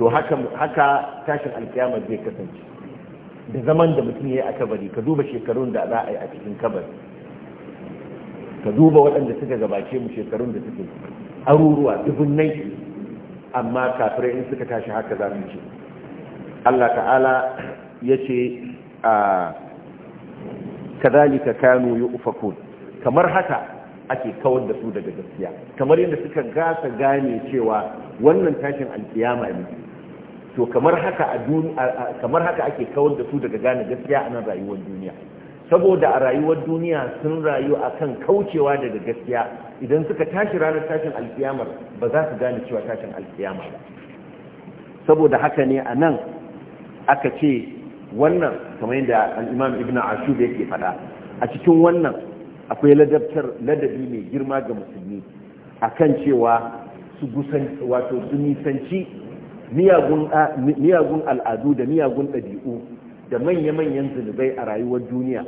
to haka haka tashin alkiyama zai kasance da zaman da mutum yayi a kabari ka duba shekarun da za a yi a cikin kabari ka duba waɗanda suka gabace mu shekarun da suke aruruwa dubunnai amma kafirai in suka tashi haka za su ce Allah ta'ala ya ce a kazalika kanu yu'fakun kamar haka ake kawar da su daga gaskiya kamar yadda suka gasa gane cewa wannan tashin alkiyama ne to kamar haka a kamar ake kawar da su daga gane gaskiya a rayuwar duniya saboda a rayuwar duniya sun rayu akan kaucewa daga gaskiya idan suka tashi ranar tashin alkiyamar ba za su gane cewa tashin alkiyama ba saboda haka ne a nan aka ce wannan kamar yadda al'imam ibn ashub yake faɗa a cikin wannan akwai ladabtar ladabi mai girma ga musulmi kan cewa su gusan wato su nisanci miyagun al'adu da miyagun ɗabi'u da manya-manyan zunubai a rayuwar duniya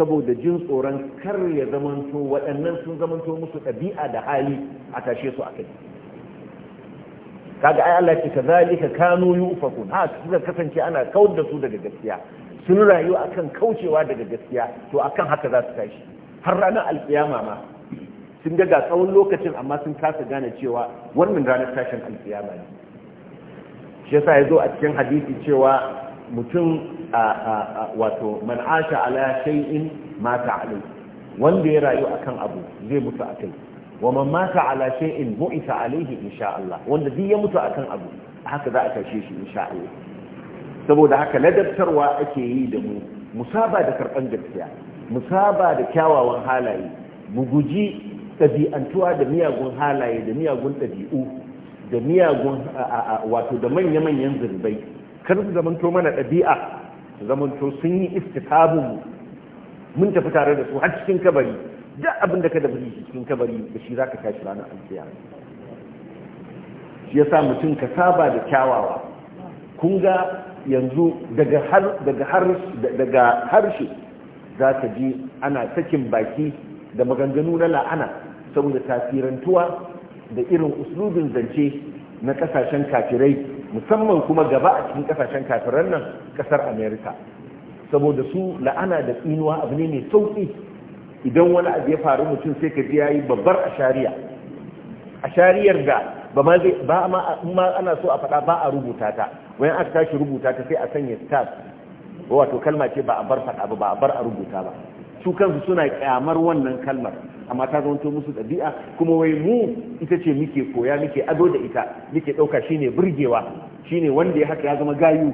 saboda jin tsoron kar ya zamanto waɗannan sun zamanto musu ɗabi'a da hali a tashe su a kai kaga ai Allah ce kazalika kanu yufakun ha suka kasance ana kawar da su daga gaskiya sun rayu akan kaucewa daga gaskiya to akan haka za su tashi har ranar alkiyama ma sun ga ga tsawon lokacin amma sun kasa gane cewa wannan ranar tashin alkiyama ne shi yasa ya zo a cikin hadisi cewa mutum a wato man asha ala shay'in mata alai wanda ya rayu akan abu zai mutu akai wa man mata ala shay'in bu'isa alaihi insha Allah wanda duk ya mutu akan abu haka za a kashe shi insha Allah saboda haka ladabtarwa ake yi da mu musaba da karban gaskiya musaba da kyawawan halaye mu guji ɗabi'antuwa da miyagun halaye da miyagun ɗabi'u da miyagun wato da manya-manyan zirbai kar su zamanto mana ɗabi'a su zamanto sun yi istitabun mun tafi tare da su har cikin kabari duk abin da ka dafi cikin kabari da shi ka tashi ranar alkiya shi ya sa mutum ka saba da kyawawa kun ga yanzu daga daga harshe za ka ji ana sakin baki da maganganu na la'ana saboda tasirantuwa da irin uslubin zance na kasashen kafirai musamman kuma gaba a cikin kasashen kafiran nan kasar america saboda su la'ana da tsinuwa abu ne mai sauki idan wani abu ya faru mutum sai ka ji yayi babbar ashariya ashariyar da ba ma ba ana so a faɗa ba a rubuta ta wayan aka tashi rubuta ta sai a sanya star wato kalma ce ba a bar faɗa ba ba a bar a rubuta ba su kansu suna kyamar wannan kalmar amma ta zamanto musu ɗabi'a kuma wai mu ita ce muke koya muke ado da ita muke ɗauka shine burgewa shine wanda ya haka ya zama gayu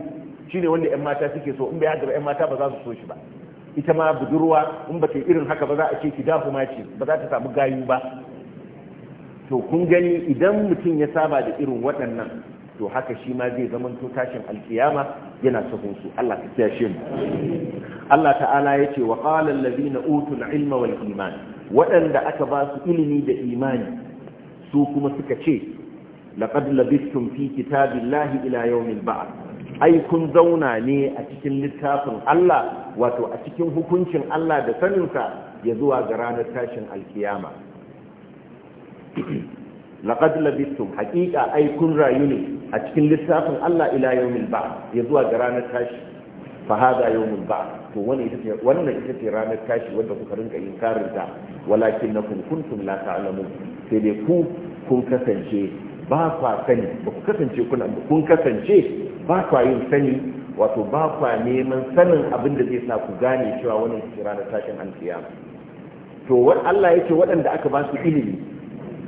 shine wanda 'yan mata suke so in bai haka ba 'yan mata ba za su so shi ba ita ma budurwa in ba ta irin haka ba za a ce ki dafu ma ce ba za ta samu gayu ba to kun gani idan mutum ya saba da irin waɗannan to haka shi ma zai zama tashin alkiyama yana sahun su Allah ta kiyashe mu Allah ta'ala yace wa qala allazina utul ilma wal iman waɗanda aka ba su ilimi da imani su kuma suka ce laqad labistum fi kitabillahi ila yawmil ba'th ai kun zauna ne a cikin littafin Allah wato a cikin hukuncin Allah da saninsa ya zuwa ga ranar tashin alkiyama laqad labistum haqiqa ai kun rayu ne a cikin littafin Allah ila yawmil ba'th ya zuwa ga ranar tashi fa hada yawmul ba'th to wannan ita ce ranar tashi wanda kuka rinka karin ta walakin na kunkuntun kuntum la sai dai ku kun kasance ba kwa sani ba ku kasance kuna kun kasance ba kwa yin sani wato ba kwa neman sanin abin da zai sa ku gane cewa wannan ita ce ranar tashin alkiyama to wani Allah ya ce waɗanda aka ba su ilimi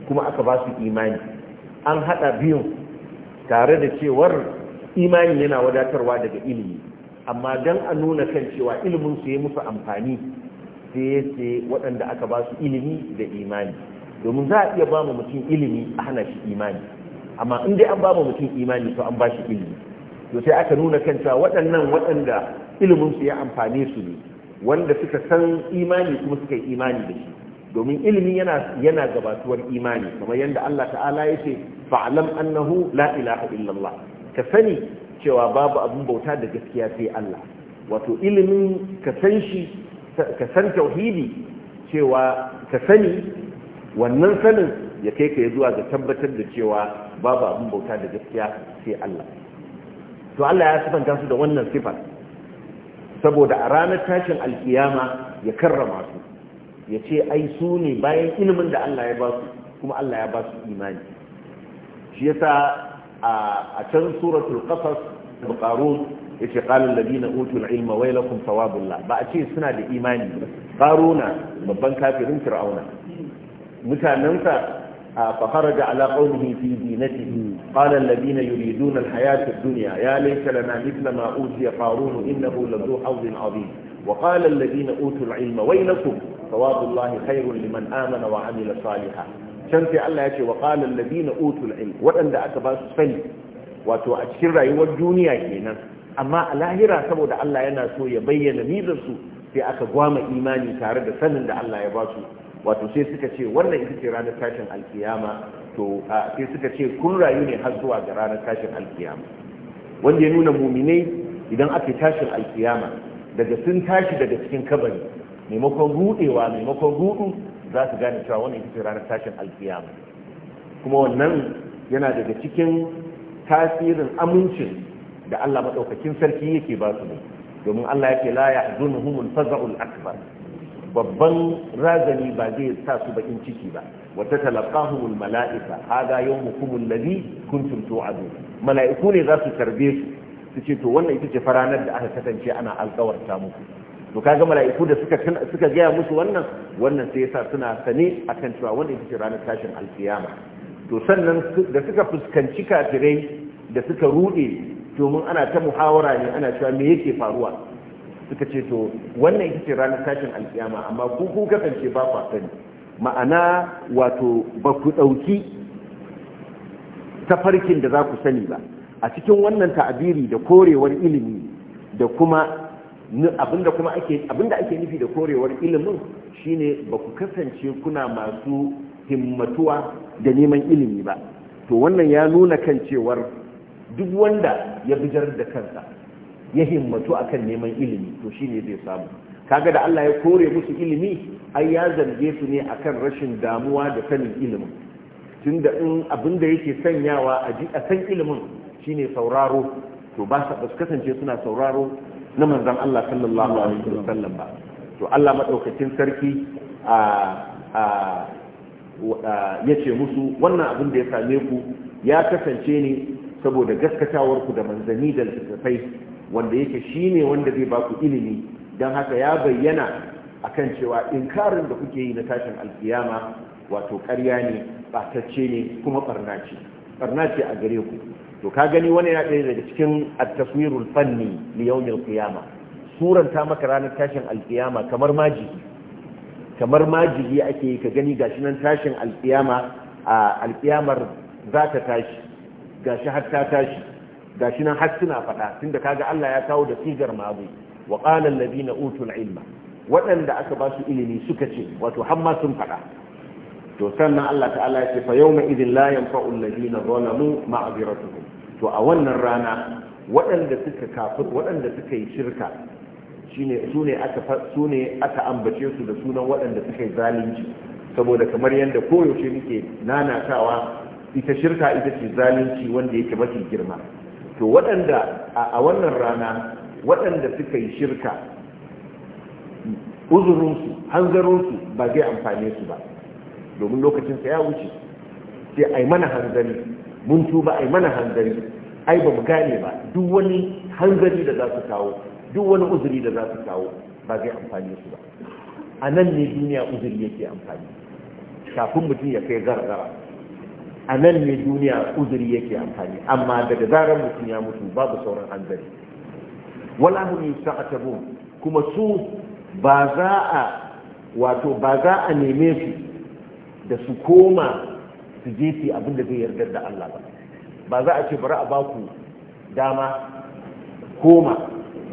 kuma aka ba su imani an haɗa biyun tare da cewar imani yana wadatarwa daga ilimi amma don a nuna kan cewa ilimin su ya musu amfani sai ya ce waɗanda aka ba su ilimi da imani domin za a iya ba mu mutum ilimi a hana shi imani amma in dai an ba mu mutum imani to an ba shi ilimi to sai aka nuna kan cewa waɗannan waɗanda ilimin su ya amfane su ne wanda suka san imani kuma suka yi imani da shi domin ilimi yana yana gabatuwar imani kamar yadda Allah ta'ala ya ce fa'lam annahu la ilaha illallah ka sani cewa babu abin bauta da gaskiya sai Allah wato ilimin ka san shi ka san tauhidi cewa ka sani wannan sanin ya kai ka zuwa ga tabbatar da cewa babu abin bauta da gaskiya sai Allah to Allah ya sifanta su da wannan sifar saboda a ranar tashin alkiyama ya karrama su ya ce ai su ne bayan ilimin da Allah ya ba su kuma Allah ya ba su imani shi yasa آه، أتن سورة القصص بقارون qarun قال الذين أوتوا العلم ويلكم ثواب الله بأتي سنة ce قارون مبان imani qaruna babban kafirin fir'auna فخرج على قومه في دينته قال الذين يريدون الحياة الدنيا يا ليت لنا مثل ما أوتي قارون إنه لذو حظ عظيم وقال الذين أوتوا العلم ويلكم ثواب الله خير لمن آمن وعمل صالحا can sai Allah ya ce wa qala alladheena utul ilm waɗanda aka ba su sani wato a cikin rayuwar duniya kenan amma a lahira saboda Allah yana so ya bayyana nizar su sai aka gwama imani tare da sanin da Allah ya ba su wato sai suka ce wannan ita ce ranar tashin alkiyama to sai suka ce kun rayu ne har zuwa ga ranar tashin alkiyama wanda ya nuna muminai idan aka tashin alkiyama daga sun tashi daga cikin kabari maimakon rudewa maimakon rudu za su gane cewa wannan ita ce ranar tashin alkiyama kuma wannan yana daga cikin tasirin amincin da Allah maɗaukakin sarki yake ba su ne domin Allah yake la yahzunhumul faza'ul akbar babban razani ba zai sa su bakin ciki ba wata talaqahumul mala'ika hada yawmukumul ladhi kuntum tu'adun mala'iku ne za su karbe su su ce to wannan ita ce faranar da aka kasance ana alkawarta muku to kaga mala'iku da suka suka gaya musu wannan wannan sai yasa suna sane akan cewa wanda yake ranar tashin alkiyama to sannan da suka fuskanci kafirai da suka rude domin ana ta muhawara ne ana cewa me yake faruwa suka ce to wannan ita ce ranar tashin alkiyama amma ku ku kasance ba ku sani ma'ana wato ba ku ɗauki tafarkin da za ku sani ba a cikin wannan ta'abiri da korewar ilimi da kuma abinda kuma ake abinda ake nufi da korewar ilimin shine ba ku kasance kuna masu himmatuwa da neman ilimi ba to wannan ya nuna kan cewar duk wanda ya bijar da kansa ya himmatu akan neman ilimi to shine zai samu kaga da Allah ya kore musu ilimi ai ya zarge su ne akan rashin damuwa da sanin ilimin tunda in abinda yake sanyawa a ji a san ilimin shine sauraro to ba su kasance suna sauraro na manzan Allah sallallahu alaihi wasallam ba to Allah maɗaukacin sarki a ya ce musu wannan abin da ya same ku ya kasance ne saboda gaskatawarku da manzanni da littattafai wanda yake shi ne wanda zai baku ilimi don haka ya bayyana a kan cewa in inkarin da kuke yi na tashin alkiyama wato ƙarya ne batacce ne kuma barna a gare ku to ka gani wani ya ɗaya daga cikin at fanni li yawmil qiyamah suranta maka ranar tashin alkiyama kamar majigi kamar majigi ake yi ka gani gashi nan tashin alkiyama a alkiyamar za ta tashi gashi har ta tashi gashi nan har suna faɗa tunda kaga Allah ya kawo da sigar mabu wa qala alladhina utul ilma waɗanda aka ba su ilimi suka ce wato har ma sun faɗa to sannan Allah ta'ala ya ce fa yawma idhin la yanfa'u alladhina zalamu ma'dhiratuhum to a wannan rana waɗanda suka kafir waɗanda suka yi shirka su ne aka ambace su da sunan waɗanda suka yi zalunci saboda kamar yadda koyaushe muke nanatawa ita shirka ita ce zalunci wanda yake mafi girma to waɗanda a wannan rana waɗanda suka yi shirka uzurinsu hanzarinsu ba zai amfane su ba domin lokacinsa ya wuce sai a yi mana hanzari mun tuba ai mana hanzari ai ba mu gane ba duk wani hanzari da za su kawo duk wani uzuri da za su kawo ba zai amfani su ba a nan ne duniya uzuri yake amfani kafin mutum ya kai gargara a nan ne duniya uzuri yake amfani amma daga zarar mutum ya mutu babu sauran hanzari wala hum yustaqtabun kuma su ba za a wato ba za a neme su da su koma su je su abin da zai yarda da Allah ba ba za a ce bari a ba ku dama koma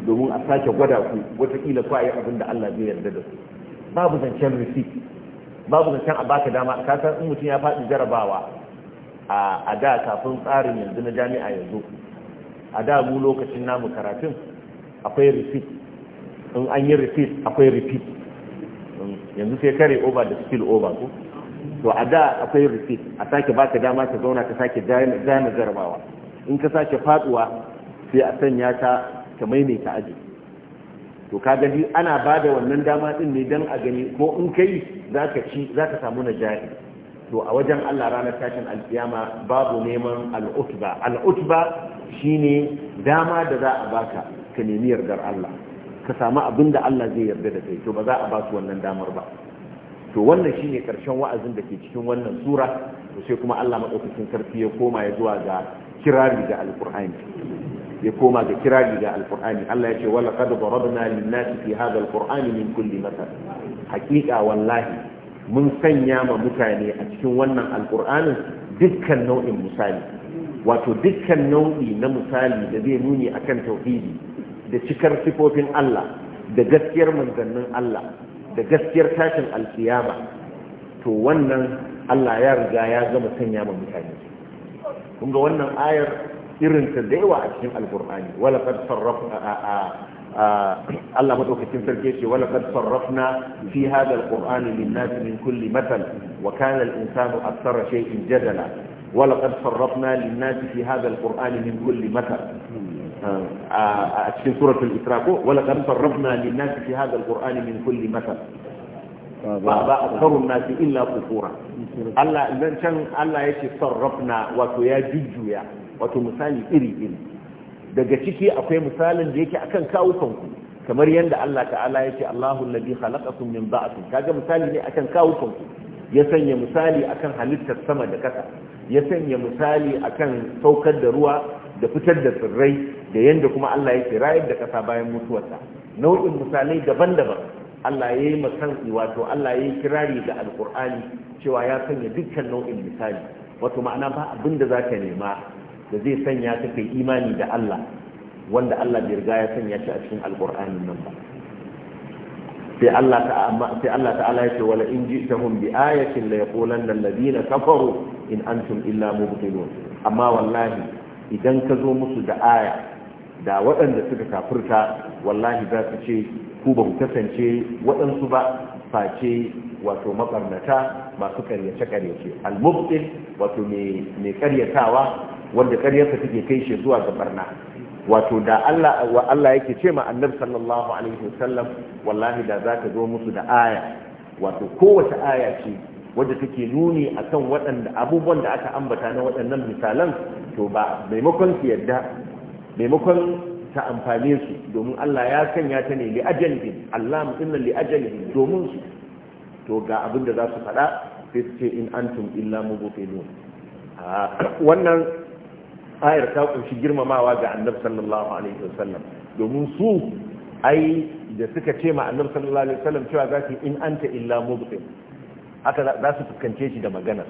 domin a sake gwada ku watakila ku a yi abin da Allah zai yarda da su babu zancen rufi babu zancen a baka dama ka san in mutum ya faɗi jarabawa a da kafin tsarin yanzu na jami'a yanzu a da mu lokacin namu karatun akwai rufi in an yi rufi akwai rufi yanzu sai kare over da skill over ko to a da akwai receipt a sake baka dama ka zauna ka sake zana jarabawa in ka sake faduwa sai a sanya ka ka maimaita aji to ka gani ana ba da wannan dama din ne dan a gani ko in kai za ka ci za ka samu na jari to a wajen Allah ranar tashin alkiyama babu neman al'utba al'utba shine dama da za a baka ka nemi yardar Allah ka samu abin da Allah zai yarda da kai to ba za a ba su wannan damar ba to wannan shine karshen wa'azin da ke cikin wannan sura to sai kuma Allah madaukakin sarki ya koma ya zuwa ga kirari ga alqur'ani ya koma ga kirari ga alqur'ani Allah ya ce wala qad darabna lin-nasi fi hadha alqur'ani min kulli mathal haqiqa wallahi mun sanya ma mutane a cikin wannan alqur'anin dukkan nau'in misali wato dukkan nau'i na misali da zai nuni akan tauhidi da cikar sifofin Allah da gaskiyar manzannin Allah da gaskiyar tashin alkiyama to wannan Allah ya riga ya gama sanya ma mutane kun ga wannan ayar irin ta da yawa a cikin alkur'ani wala qad sarrafna Allah madaukakin sarki ce wala qad sarrafna fi hadha alqur'ani lin-nas min kulli matal wa kana al-insanu akthara shay'in jadala wala qad sarrafna lin-nas fi hadha alqur'ani min kulli matal a cikin suratul isra ko wala kan sarrafna lin nas fi hadha al min kulli mathal ba ba aktharun nas illa kufura Allah idan can Allah yake sarrafna wato ya jujjuya wato misali iri iri daga ciki akwai misalin da yake akan kawo kanku kamar yadda Allah ta'ala yake Allahu alladhi khalaqakum min ba'd kaga misali ne akan kawo kanku ya sanya misali akan halittar sama da kasa ya sanya misali akan saukar da ruwa da fitar da tsirrai da yadda kuma Allah ya rayar da kasa bayan mutuwarsa nau'in misalai daban-daban Allah ya yi masan'i wato Allah ya yi kirari ga alkur'ani cewa ya sanya dukkan nau'in misali wato ma'ana ba abin da za ka nema da zai sanya ka kai imani da Allah wanda Allah bai riga ya sanya shi a cikin alkur'anin nan ba sai Allah ta'ala ya ce wala in ji'tahum bi ayatin la yaqulanna alladhina kafaru in antum illa mubtilun amma wallahi idan ka zo musu da aya da waɗanda suka kafurta wallahi za su ce ku ba ku kasance waɗansu ba face wato mabarnata masu karyace-karyace al-mubtil wato mai karyatawa wanda karyarsa take kai shi zuwa ga barna wato da Allah wa Allah yake ce ma annabi sallallahu alaihi wasallam wallahi da zaka zo musu da aya wato kowace aya ce wadda take nuni akan waɗanda abubuwan da aka ambata na waɗannan misalan to ba maimakon su yadda maimakon ta amfane su domin Allah ya sanya ta ne li ajalihim Allah inna li ajalihim domin su to ga abin da za su faɗa sai su ce in antum illa mubtilun wannan ayar ta kunshi girmamawa ga annabi sallallahu alaihi wasallam domin su ai da suka ce ma annabi sallallahu alaihi wasallam cewa za su in anta illa mubtil haka za su fuskance shi da maganar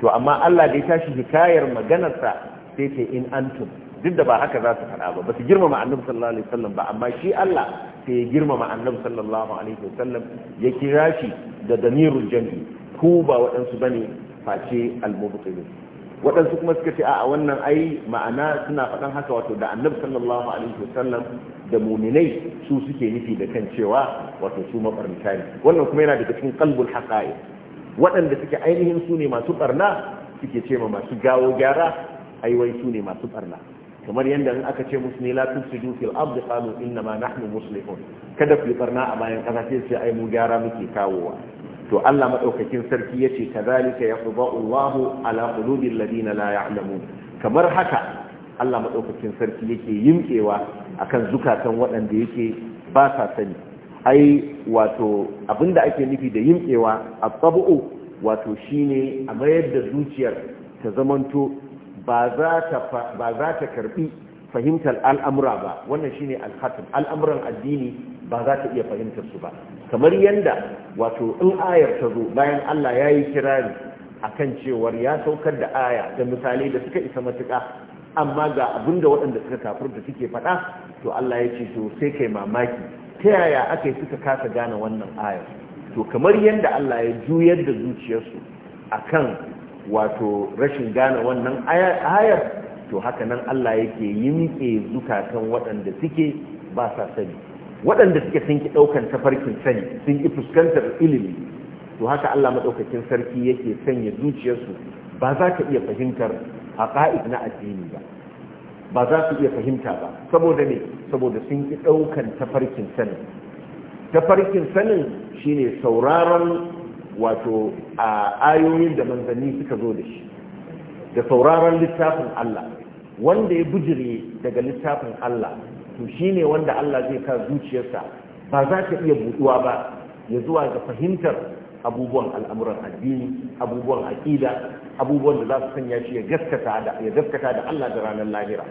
to amma Allah da ya tashi hikayar maganarsa sai ce in antum duk da ba haka za su faɗa ba ba su girmama annabi sallallahu alaihi wasallam ba amma shi Allah sai ya girmama annabi sallallahu alaihi wasallam ya kira shi da damirul jami ku ba waɗansu bane face al-mubtilin waɗansu kuma suka ce a wannan ai ma'ana suna faɗan haka wato da annabi sallallahu alaihi wasallam da muminai su suke nufi da kan cewa wato su mafarnta ne wannan kuma yana daga cikin qalbul haqa'iq waɗanda suke ainihin su ne masu barna suke ce ma masu gawo gyara aiwai su ne masu ɓarna. kamar yadda in aka ce musu ne la tusidu fil ardi qalu inna ma nahnu muslihun kada ku barna a bayan ƙasa sai sai ai mu gyara muke kawowa to Allah madaukakin sarki yace kadhalika yaqba'u Allahu ala qulubil ladina la ya'lamun kamar haka Allah madaukakin sarki yake yimkewa akan zukatan waɗanda yake ba sa sani ai wato da ake nufi da yin yimkewa a tsabu'u wato shine a mayar da zuciyar ta zamanto ba za ta karbi fahimtar al'amura ba wannan shine alhatim al'amuran addini ba za ta iya fahimtar su ba kamar yadda wato in ayar ta zo bayan Allah ya yi kirari a kan cewar ya saukar da aya da misali da suka isa matuka, amma ga abinda waɗanda suka kafir da suke faɗa to Allah ya ce to sai kai mamaki ta yaya aka yi suka kasa gane wannan ayar to kamar yadda Allah ya juyar da zuciyarsu akan wato rashin gane wannan ayar to haka nan Allah yake mike zukatan waɗanda suke ba sa sani waɗanda suke sun ki ɗaukan tafarkin sani sun ki fuskantar ilimi to haka Allah maɗaukakin sarki yake sanya zuciyarsu ba za ka iya fahimtar haƙa'id na addini ba ba za su iya fahimta ba saboda ne saboda sun ki ɗaukan tafarkin sanin tafarkin sanin shine sauraron wato a ayoyin da manzanni suka zo da shi da sauraron littafin Allah wanda ya bujire daga littafin Allah to shine wanda Allah zai ka zuciyarsa ba za ta iya buɗuwa ba ya zuwa ga fahimtar abubuwan al'amuran addini abubuwan aƙida abubuwan da za su sanya shi ya gaskata da Allah da ranar lahira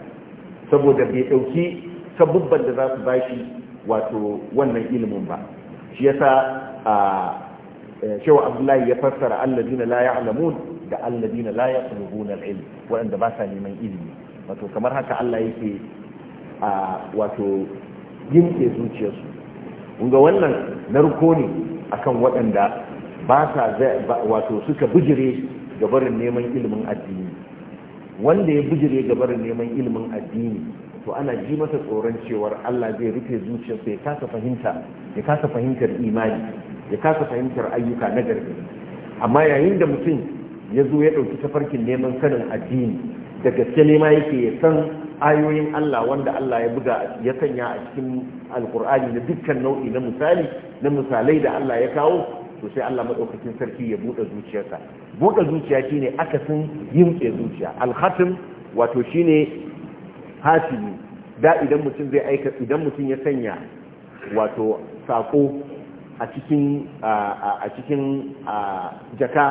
saboda bai ɗauki sabubban da za su ba shi wato wannan ilimin ba shi yasa eh, shewa abdullahi ya fassara alladina la ya'lamun da alladina la yatlubuna al ilimi, waɗanda ba sa neman ilimi wato kamar haka Allah yake wato yin ke zuciyarsu kun ga wannan narko ne akan waɗanda ba sa wato suka bijire gabarin neman ilimin addini wanda ya bijire gabarin neman ilimin addini to ana ji masa tsoron cewar Allah zai rufe zuciyarsa ya kasa fahimta ya kasa fahimtar imani ya kasa fahimtar ayyuka na gari amma yayin da mutum ya zo ya ɗauki tafarkin neman sanin addini da gaske nema yake ya san ayoyin Allah wanda Allah ya buga ya sanya a cikin alkur'ani na dukkan nau'i na misali na misalai da Allah ya kawo to sai Allah madaukakin sarki ya bude zuciyarsa bude zuciya shine akasin yimtse zuciya al-khatim wato shine hasibi da idan mutum zai aika idan mutum ya sanya wato sako a cikin a cikin jaka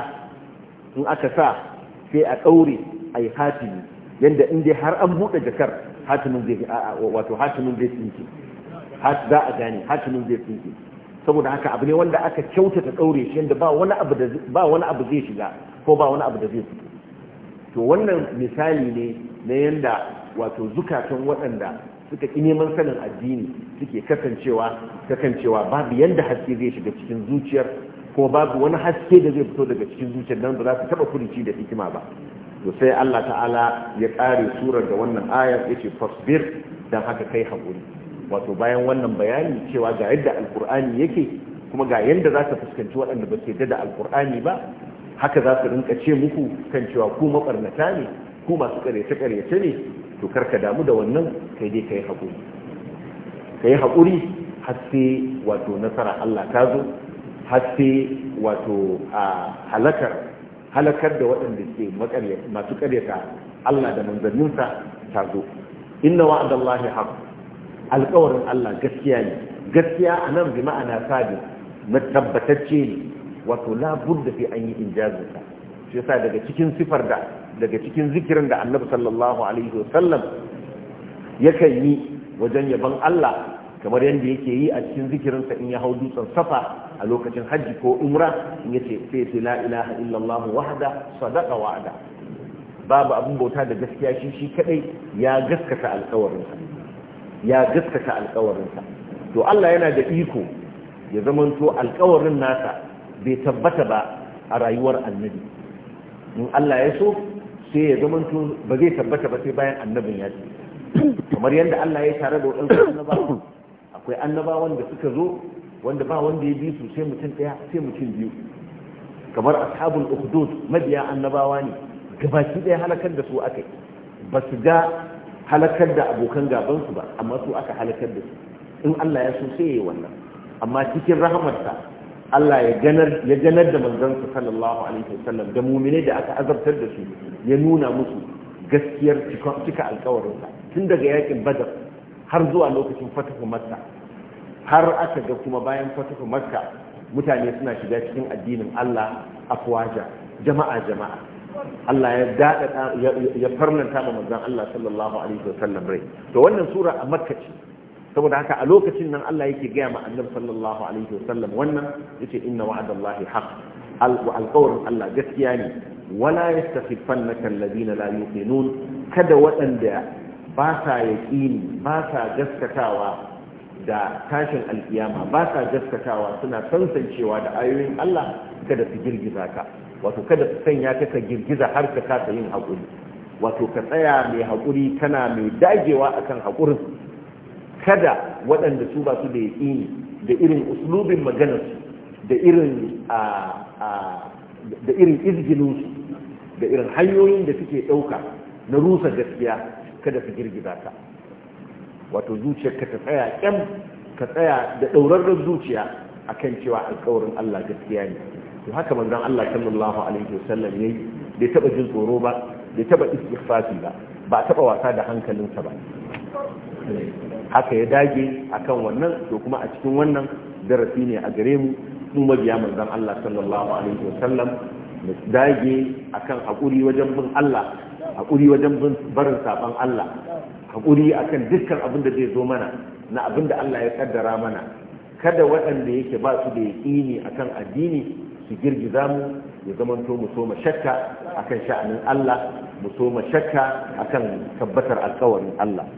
in aka sa sai a daure ai hasibi yanda in dai har an bude jakar hatimin zai wato hatimin zai tsinke za a gane hatimin zai tsinke saboda haka abu ne wanda aka kyautata daure shi yadda ba wani abu zai shiga ko ba wani abu da zai fito to wannan misali ne na yadda wato zukatan waɗanda suka ƙi neman sanin addini suke kasancewa kasancewa babu yadda haske zai shiga cikin zuciyar ko babu wani haske da zai fito daga cikin zuciyar nan ba za su taɓa kurici da hikima ba to sai Allah ta'ala ya ƙare surar da wannan ayar yace fasbir dan haka kai haƙuri wato bayan wannan bayani cewa ga yadda alkur'ani yake kuma ga yadda za ta fuskanci waɗanda ba su yadda da alkur'ani ba haka za su rinka ce muku kan cewa ku maɓarnata ne ku masu ƙaryace ƙaryace ne to karka damu da wannan kai dai ka haƙuri ka yi haƙuri har sai wato nasara allah ta zo har sai wato a halakar halakar da waɗanda ke masu ƙaryata allah da manzanninsa ta zo inna wa'adallahi haqq alƙawarin Allah gaskiya ne gaskiya a nan bi ma'ana sabi na tabbatacce ne wato da sai an yi injazinsa shi yasa daga cikin sifar da daga cikin zikirin da annabi sallallahu alaihi wasallam yakan yi wajen yaban Allah kamar yadda yake yi a cikin zikirinsa in ya hau dutsen safa a lokacin hajji ko umra in yace sai sai la ilaha illallah wahda sadaqa wa'ada babu abin bauta da gaskiya shi shi kadai ya gaskata alƙawarinsa ya gaskata alkawarinsa to Allah yana da iko ya zamanto alkawarin nasa bai tabbata ba a rayuwar annabi in Allah ya so sai ya zamanto ba zai tabbata ba sai bayan annabin ya ce kamar yadda Allah ya tare da wadansu annabawa akwai annabawan da suka zo wanda ba wanda ya bi su sai mutum ɗaya sai mutum biyu kamar ashabul ukhdud mabiya annabawa ne gabaki ɗaya halakar da su akai ba su ga halakar da abokan gabansu ba amma su aka halakar da su in Allah ya so sai yi wannan amma cikin rahamarsa Allah ya ganar ya ganar da manzansa sallallahu alaihi wasallam da mu'mine da aka azabtar da su ya nuna musu gaskiyar cika alkawarinsa tun daga yakin badar har zuwa lokacin fatahu makka har aka ga kuma bayan fatahu makka mutane suna shiga cikin addinin Allah afwaja jama'a jama'a Allah ya dada ya farnanta ma manzon Allah sallallahu alaihi wasallam rai to wannan sura a makka ce saboda haka a lokacin nan Allah yake gaya ma annabi sallallahu alaihi wasallam wannan yace inna wa'adallahi haqq alqawrun Allah gaskiya ne wala yastakhifannaka alladhina la yuqinun kada waɗanda ba sa yaqini ba sa gaskatawa da tashin alkiyama ba sa gaskatawa suna sansancewa da ayoyin Allah kada su girgiza ka wato kada ka sanya ka ka girgiza har ka kasa yin haƙuri wato ka tsaya mai haƙuri kana mai dagewa akan haƙurin kada waɗanda su ba su da yaƙini da irin uslubin maganarsu da irin da irin da irin hanyoyin da suke ɗauka na rusa gaskiya kada su girgiza ka wato ka ta tsaya ƙyam ka tsaya da ɗaurarren zuciya akan cewa alƙawarin Allah gaskiya ne to haka manzon Allah sallallahu alaihi wasallam yayi bai taba jin tsoro ba bai taba istighfari ba ba taba wasa da hankalinsa ba haka ya dage akan wannan to kuma a cikin wannan darasi ne a gare mu mu mabiya manzon Allah sallallahu alaihi wasallam mu dage akan hakuri wajen bin Allah hakuri wajen bin barin saban Allah hakuri akan dukkan abin da zai zo mana na abin da Allah ya kaddara mana kada waɗanda yake ba su da yaƙini akan addini su girgiza mu ya zamanto mu soma shakka akan sha'anin Allah mu soma shakka akan tabbatar alkawarin Allah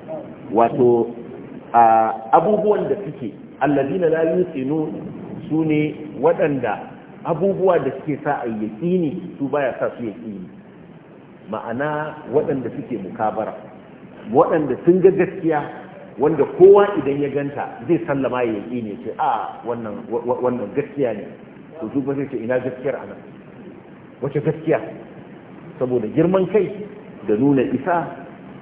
wato abubuwan da suke allazina la yuqinu sune waɗanda abubuwa da suke sa a yaqini su baya sa su yaqini ma'ana waɗanda suke mukabara waɗanda sun ga gaskiya wanda kowa idan ya ganta zai sallama ya yaqini ce ah, a wannan gaskiya ne to su ba sai ce ina gaskiyar a nan wace gaskiya saboda girman kai da nuna isa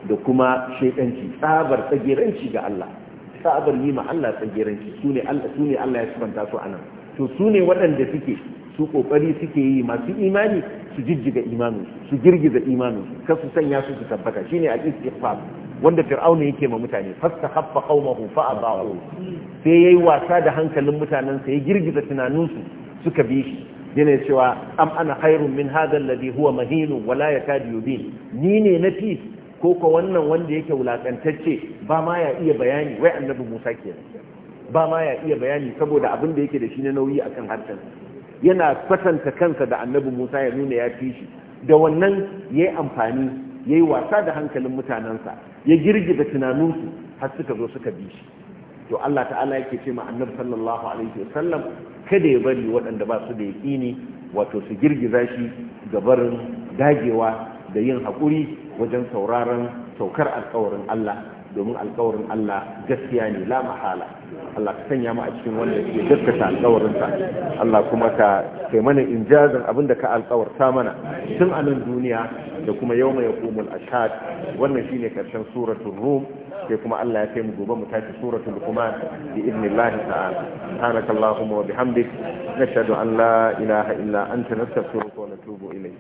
da kuma shaidanci tsabar tsagiranci ga Allah tsabar yi ma Allah tsagiranci su ne Allah su ne Allah ya sifanta su anan to su ne waɗanda suke su kokari suke yi masu imani su jijjiga imanin su girgiza imanin su kasu sanya su su tabbata shine al-istighfar wanda fir'auna yake ma mutane khaffa qaumahu fa aba'u sai yayi wasa da hankalin mutanen sa ya girgiza tunanin su suka bi shi yana cewa am ana khairun min hadha alladhi huwa mahinun wa la yakadu yubin ni ne na fi ko ko wannan wanda yake wulakantacce ba ma ya iya bayani wai annabi Musa kenan ba ma ya iya bayani saboda abin da yake da shi na nauyi akan harshen yana kwatanta kansa da annabi Musa ya nuna ya fi shi da wannan yayi amfani yayi wasa da hankalin mutanansa ya girgiza tunaninsu har suka zo suka bi shi to Allah ta'ala yake ce ma annabi sallallahu alaihi wasallam kada ya bari waɗanda ba su da yaƙini wato su girgiza shi ga barin dagewa da yin haƙuri wajen sauraron saukar alƙawarin Allah domin alƙawarin Allah gaskiya ne la mahala Allah ka sanya mu a cikin wanda ke gaskata alƙawarinsa Allah kuma ka kai mana injazin abin da ka alƙawarta mana tun a nan duniya da kuma yau mai hukumul ashad wannan shine karshen suratul rum sai kuma Allah ya kai mu gobe mu tashi suratul luqman bi idnillahi ta'ala subhanaka allahumma wa bihamdik nashhadu an la ilaha illa anta nastaghfiruka wa natubu ilayk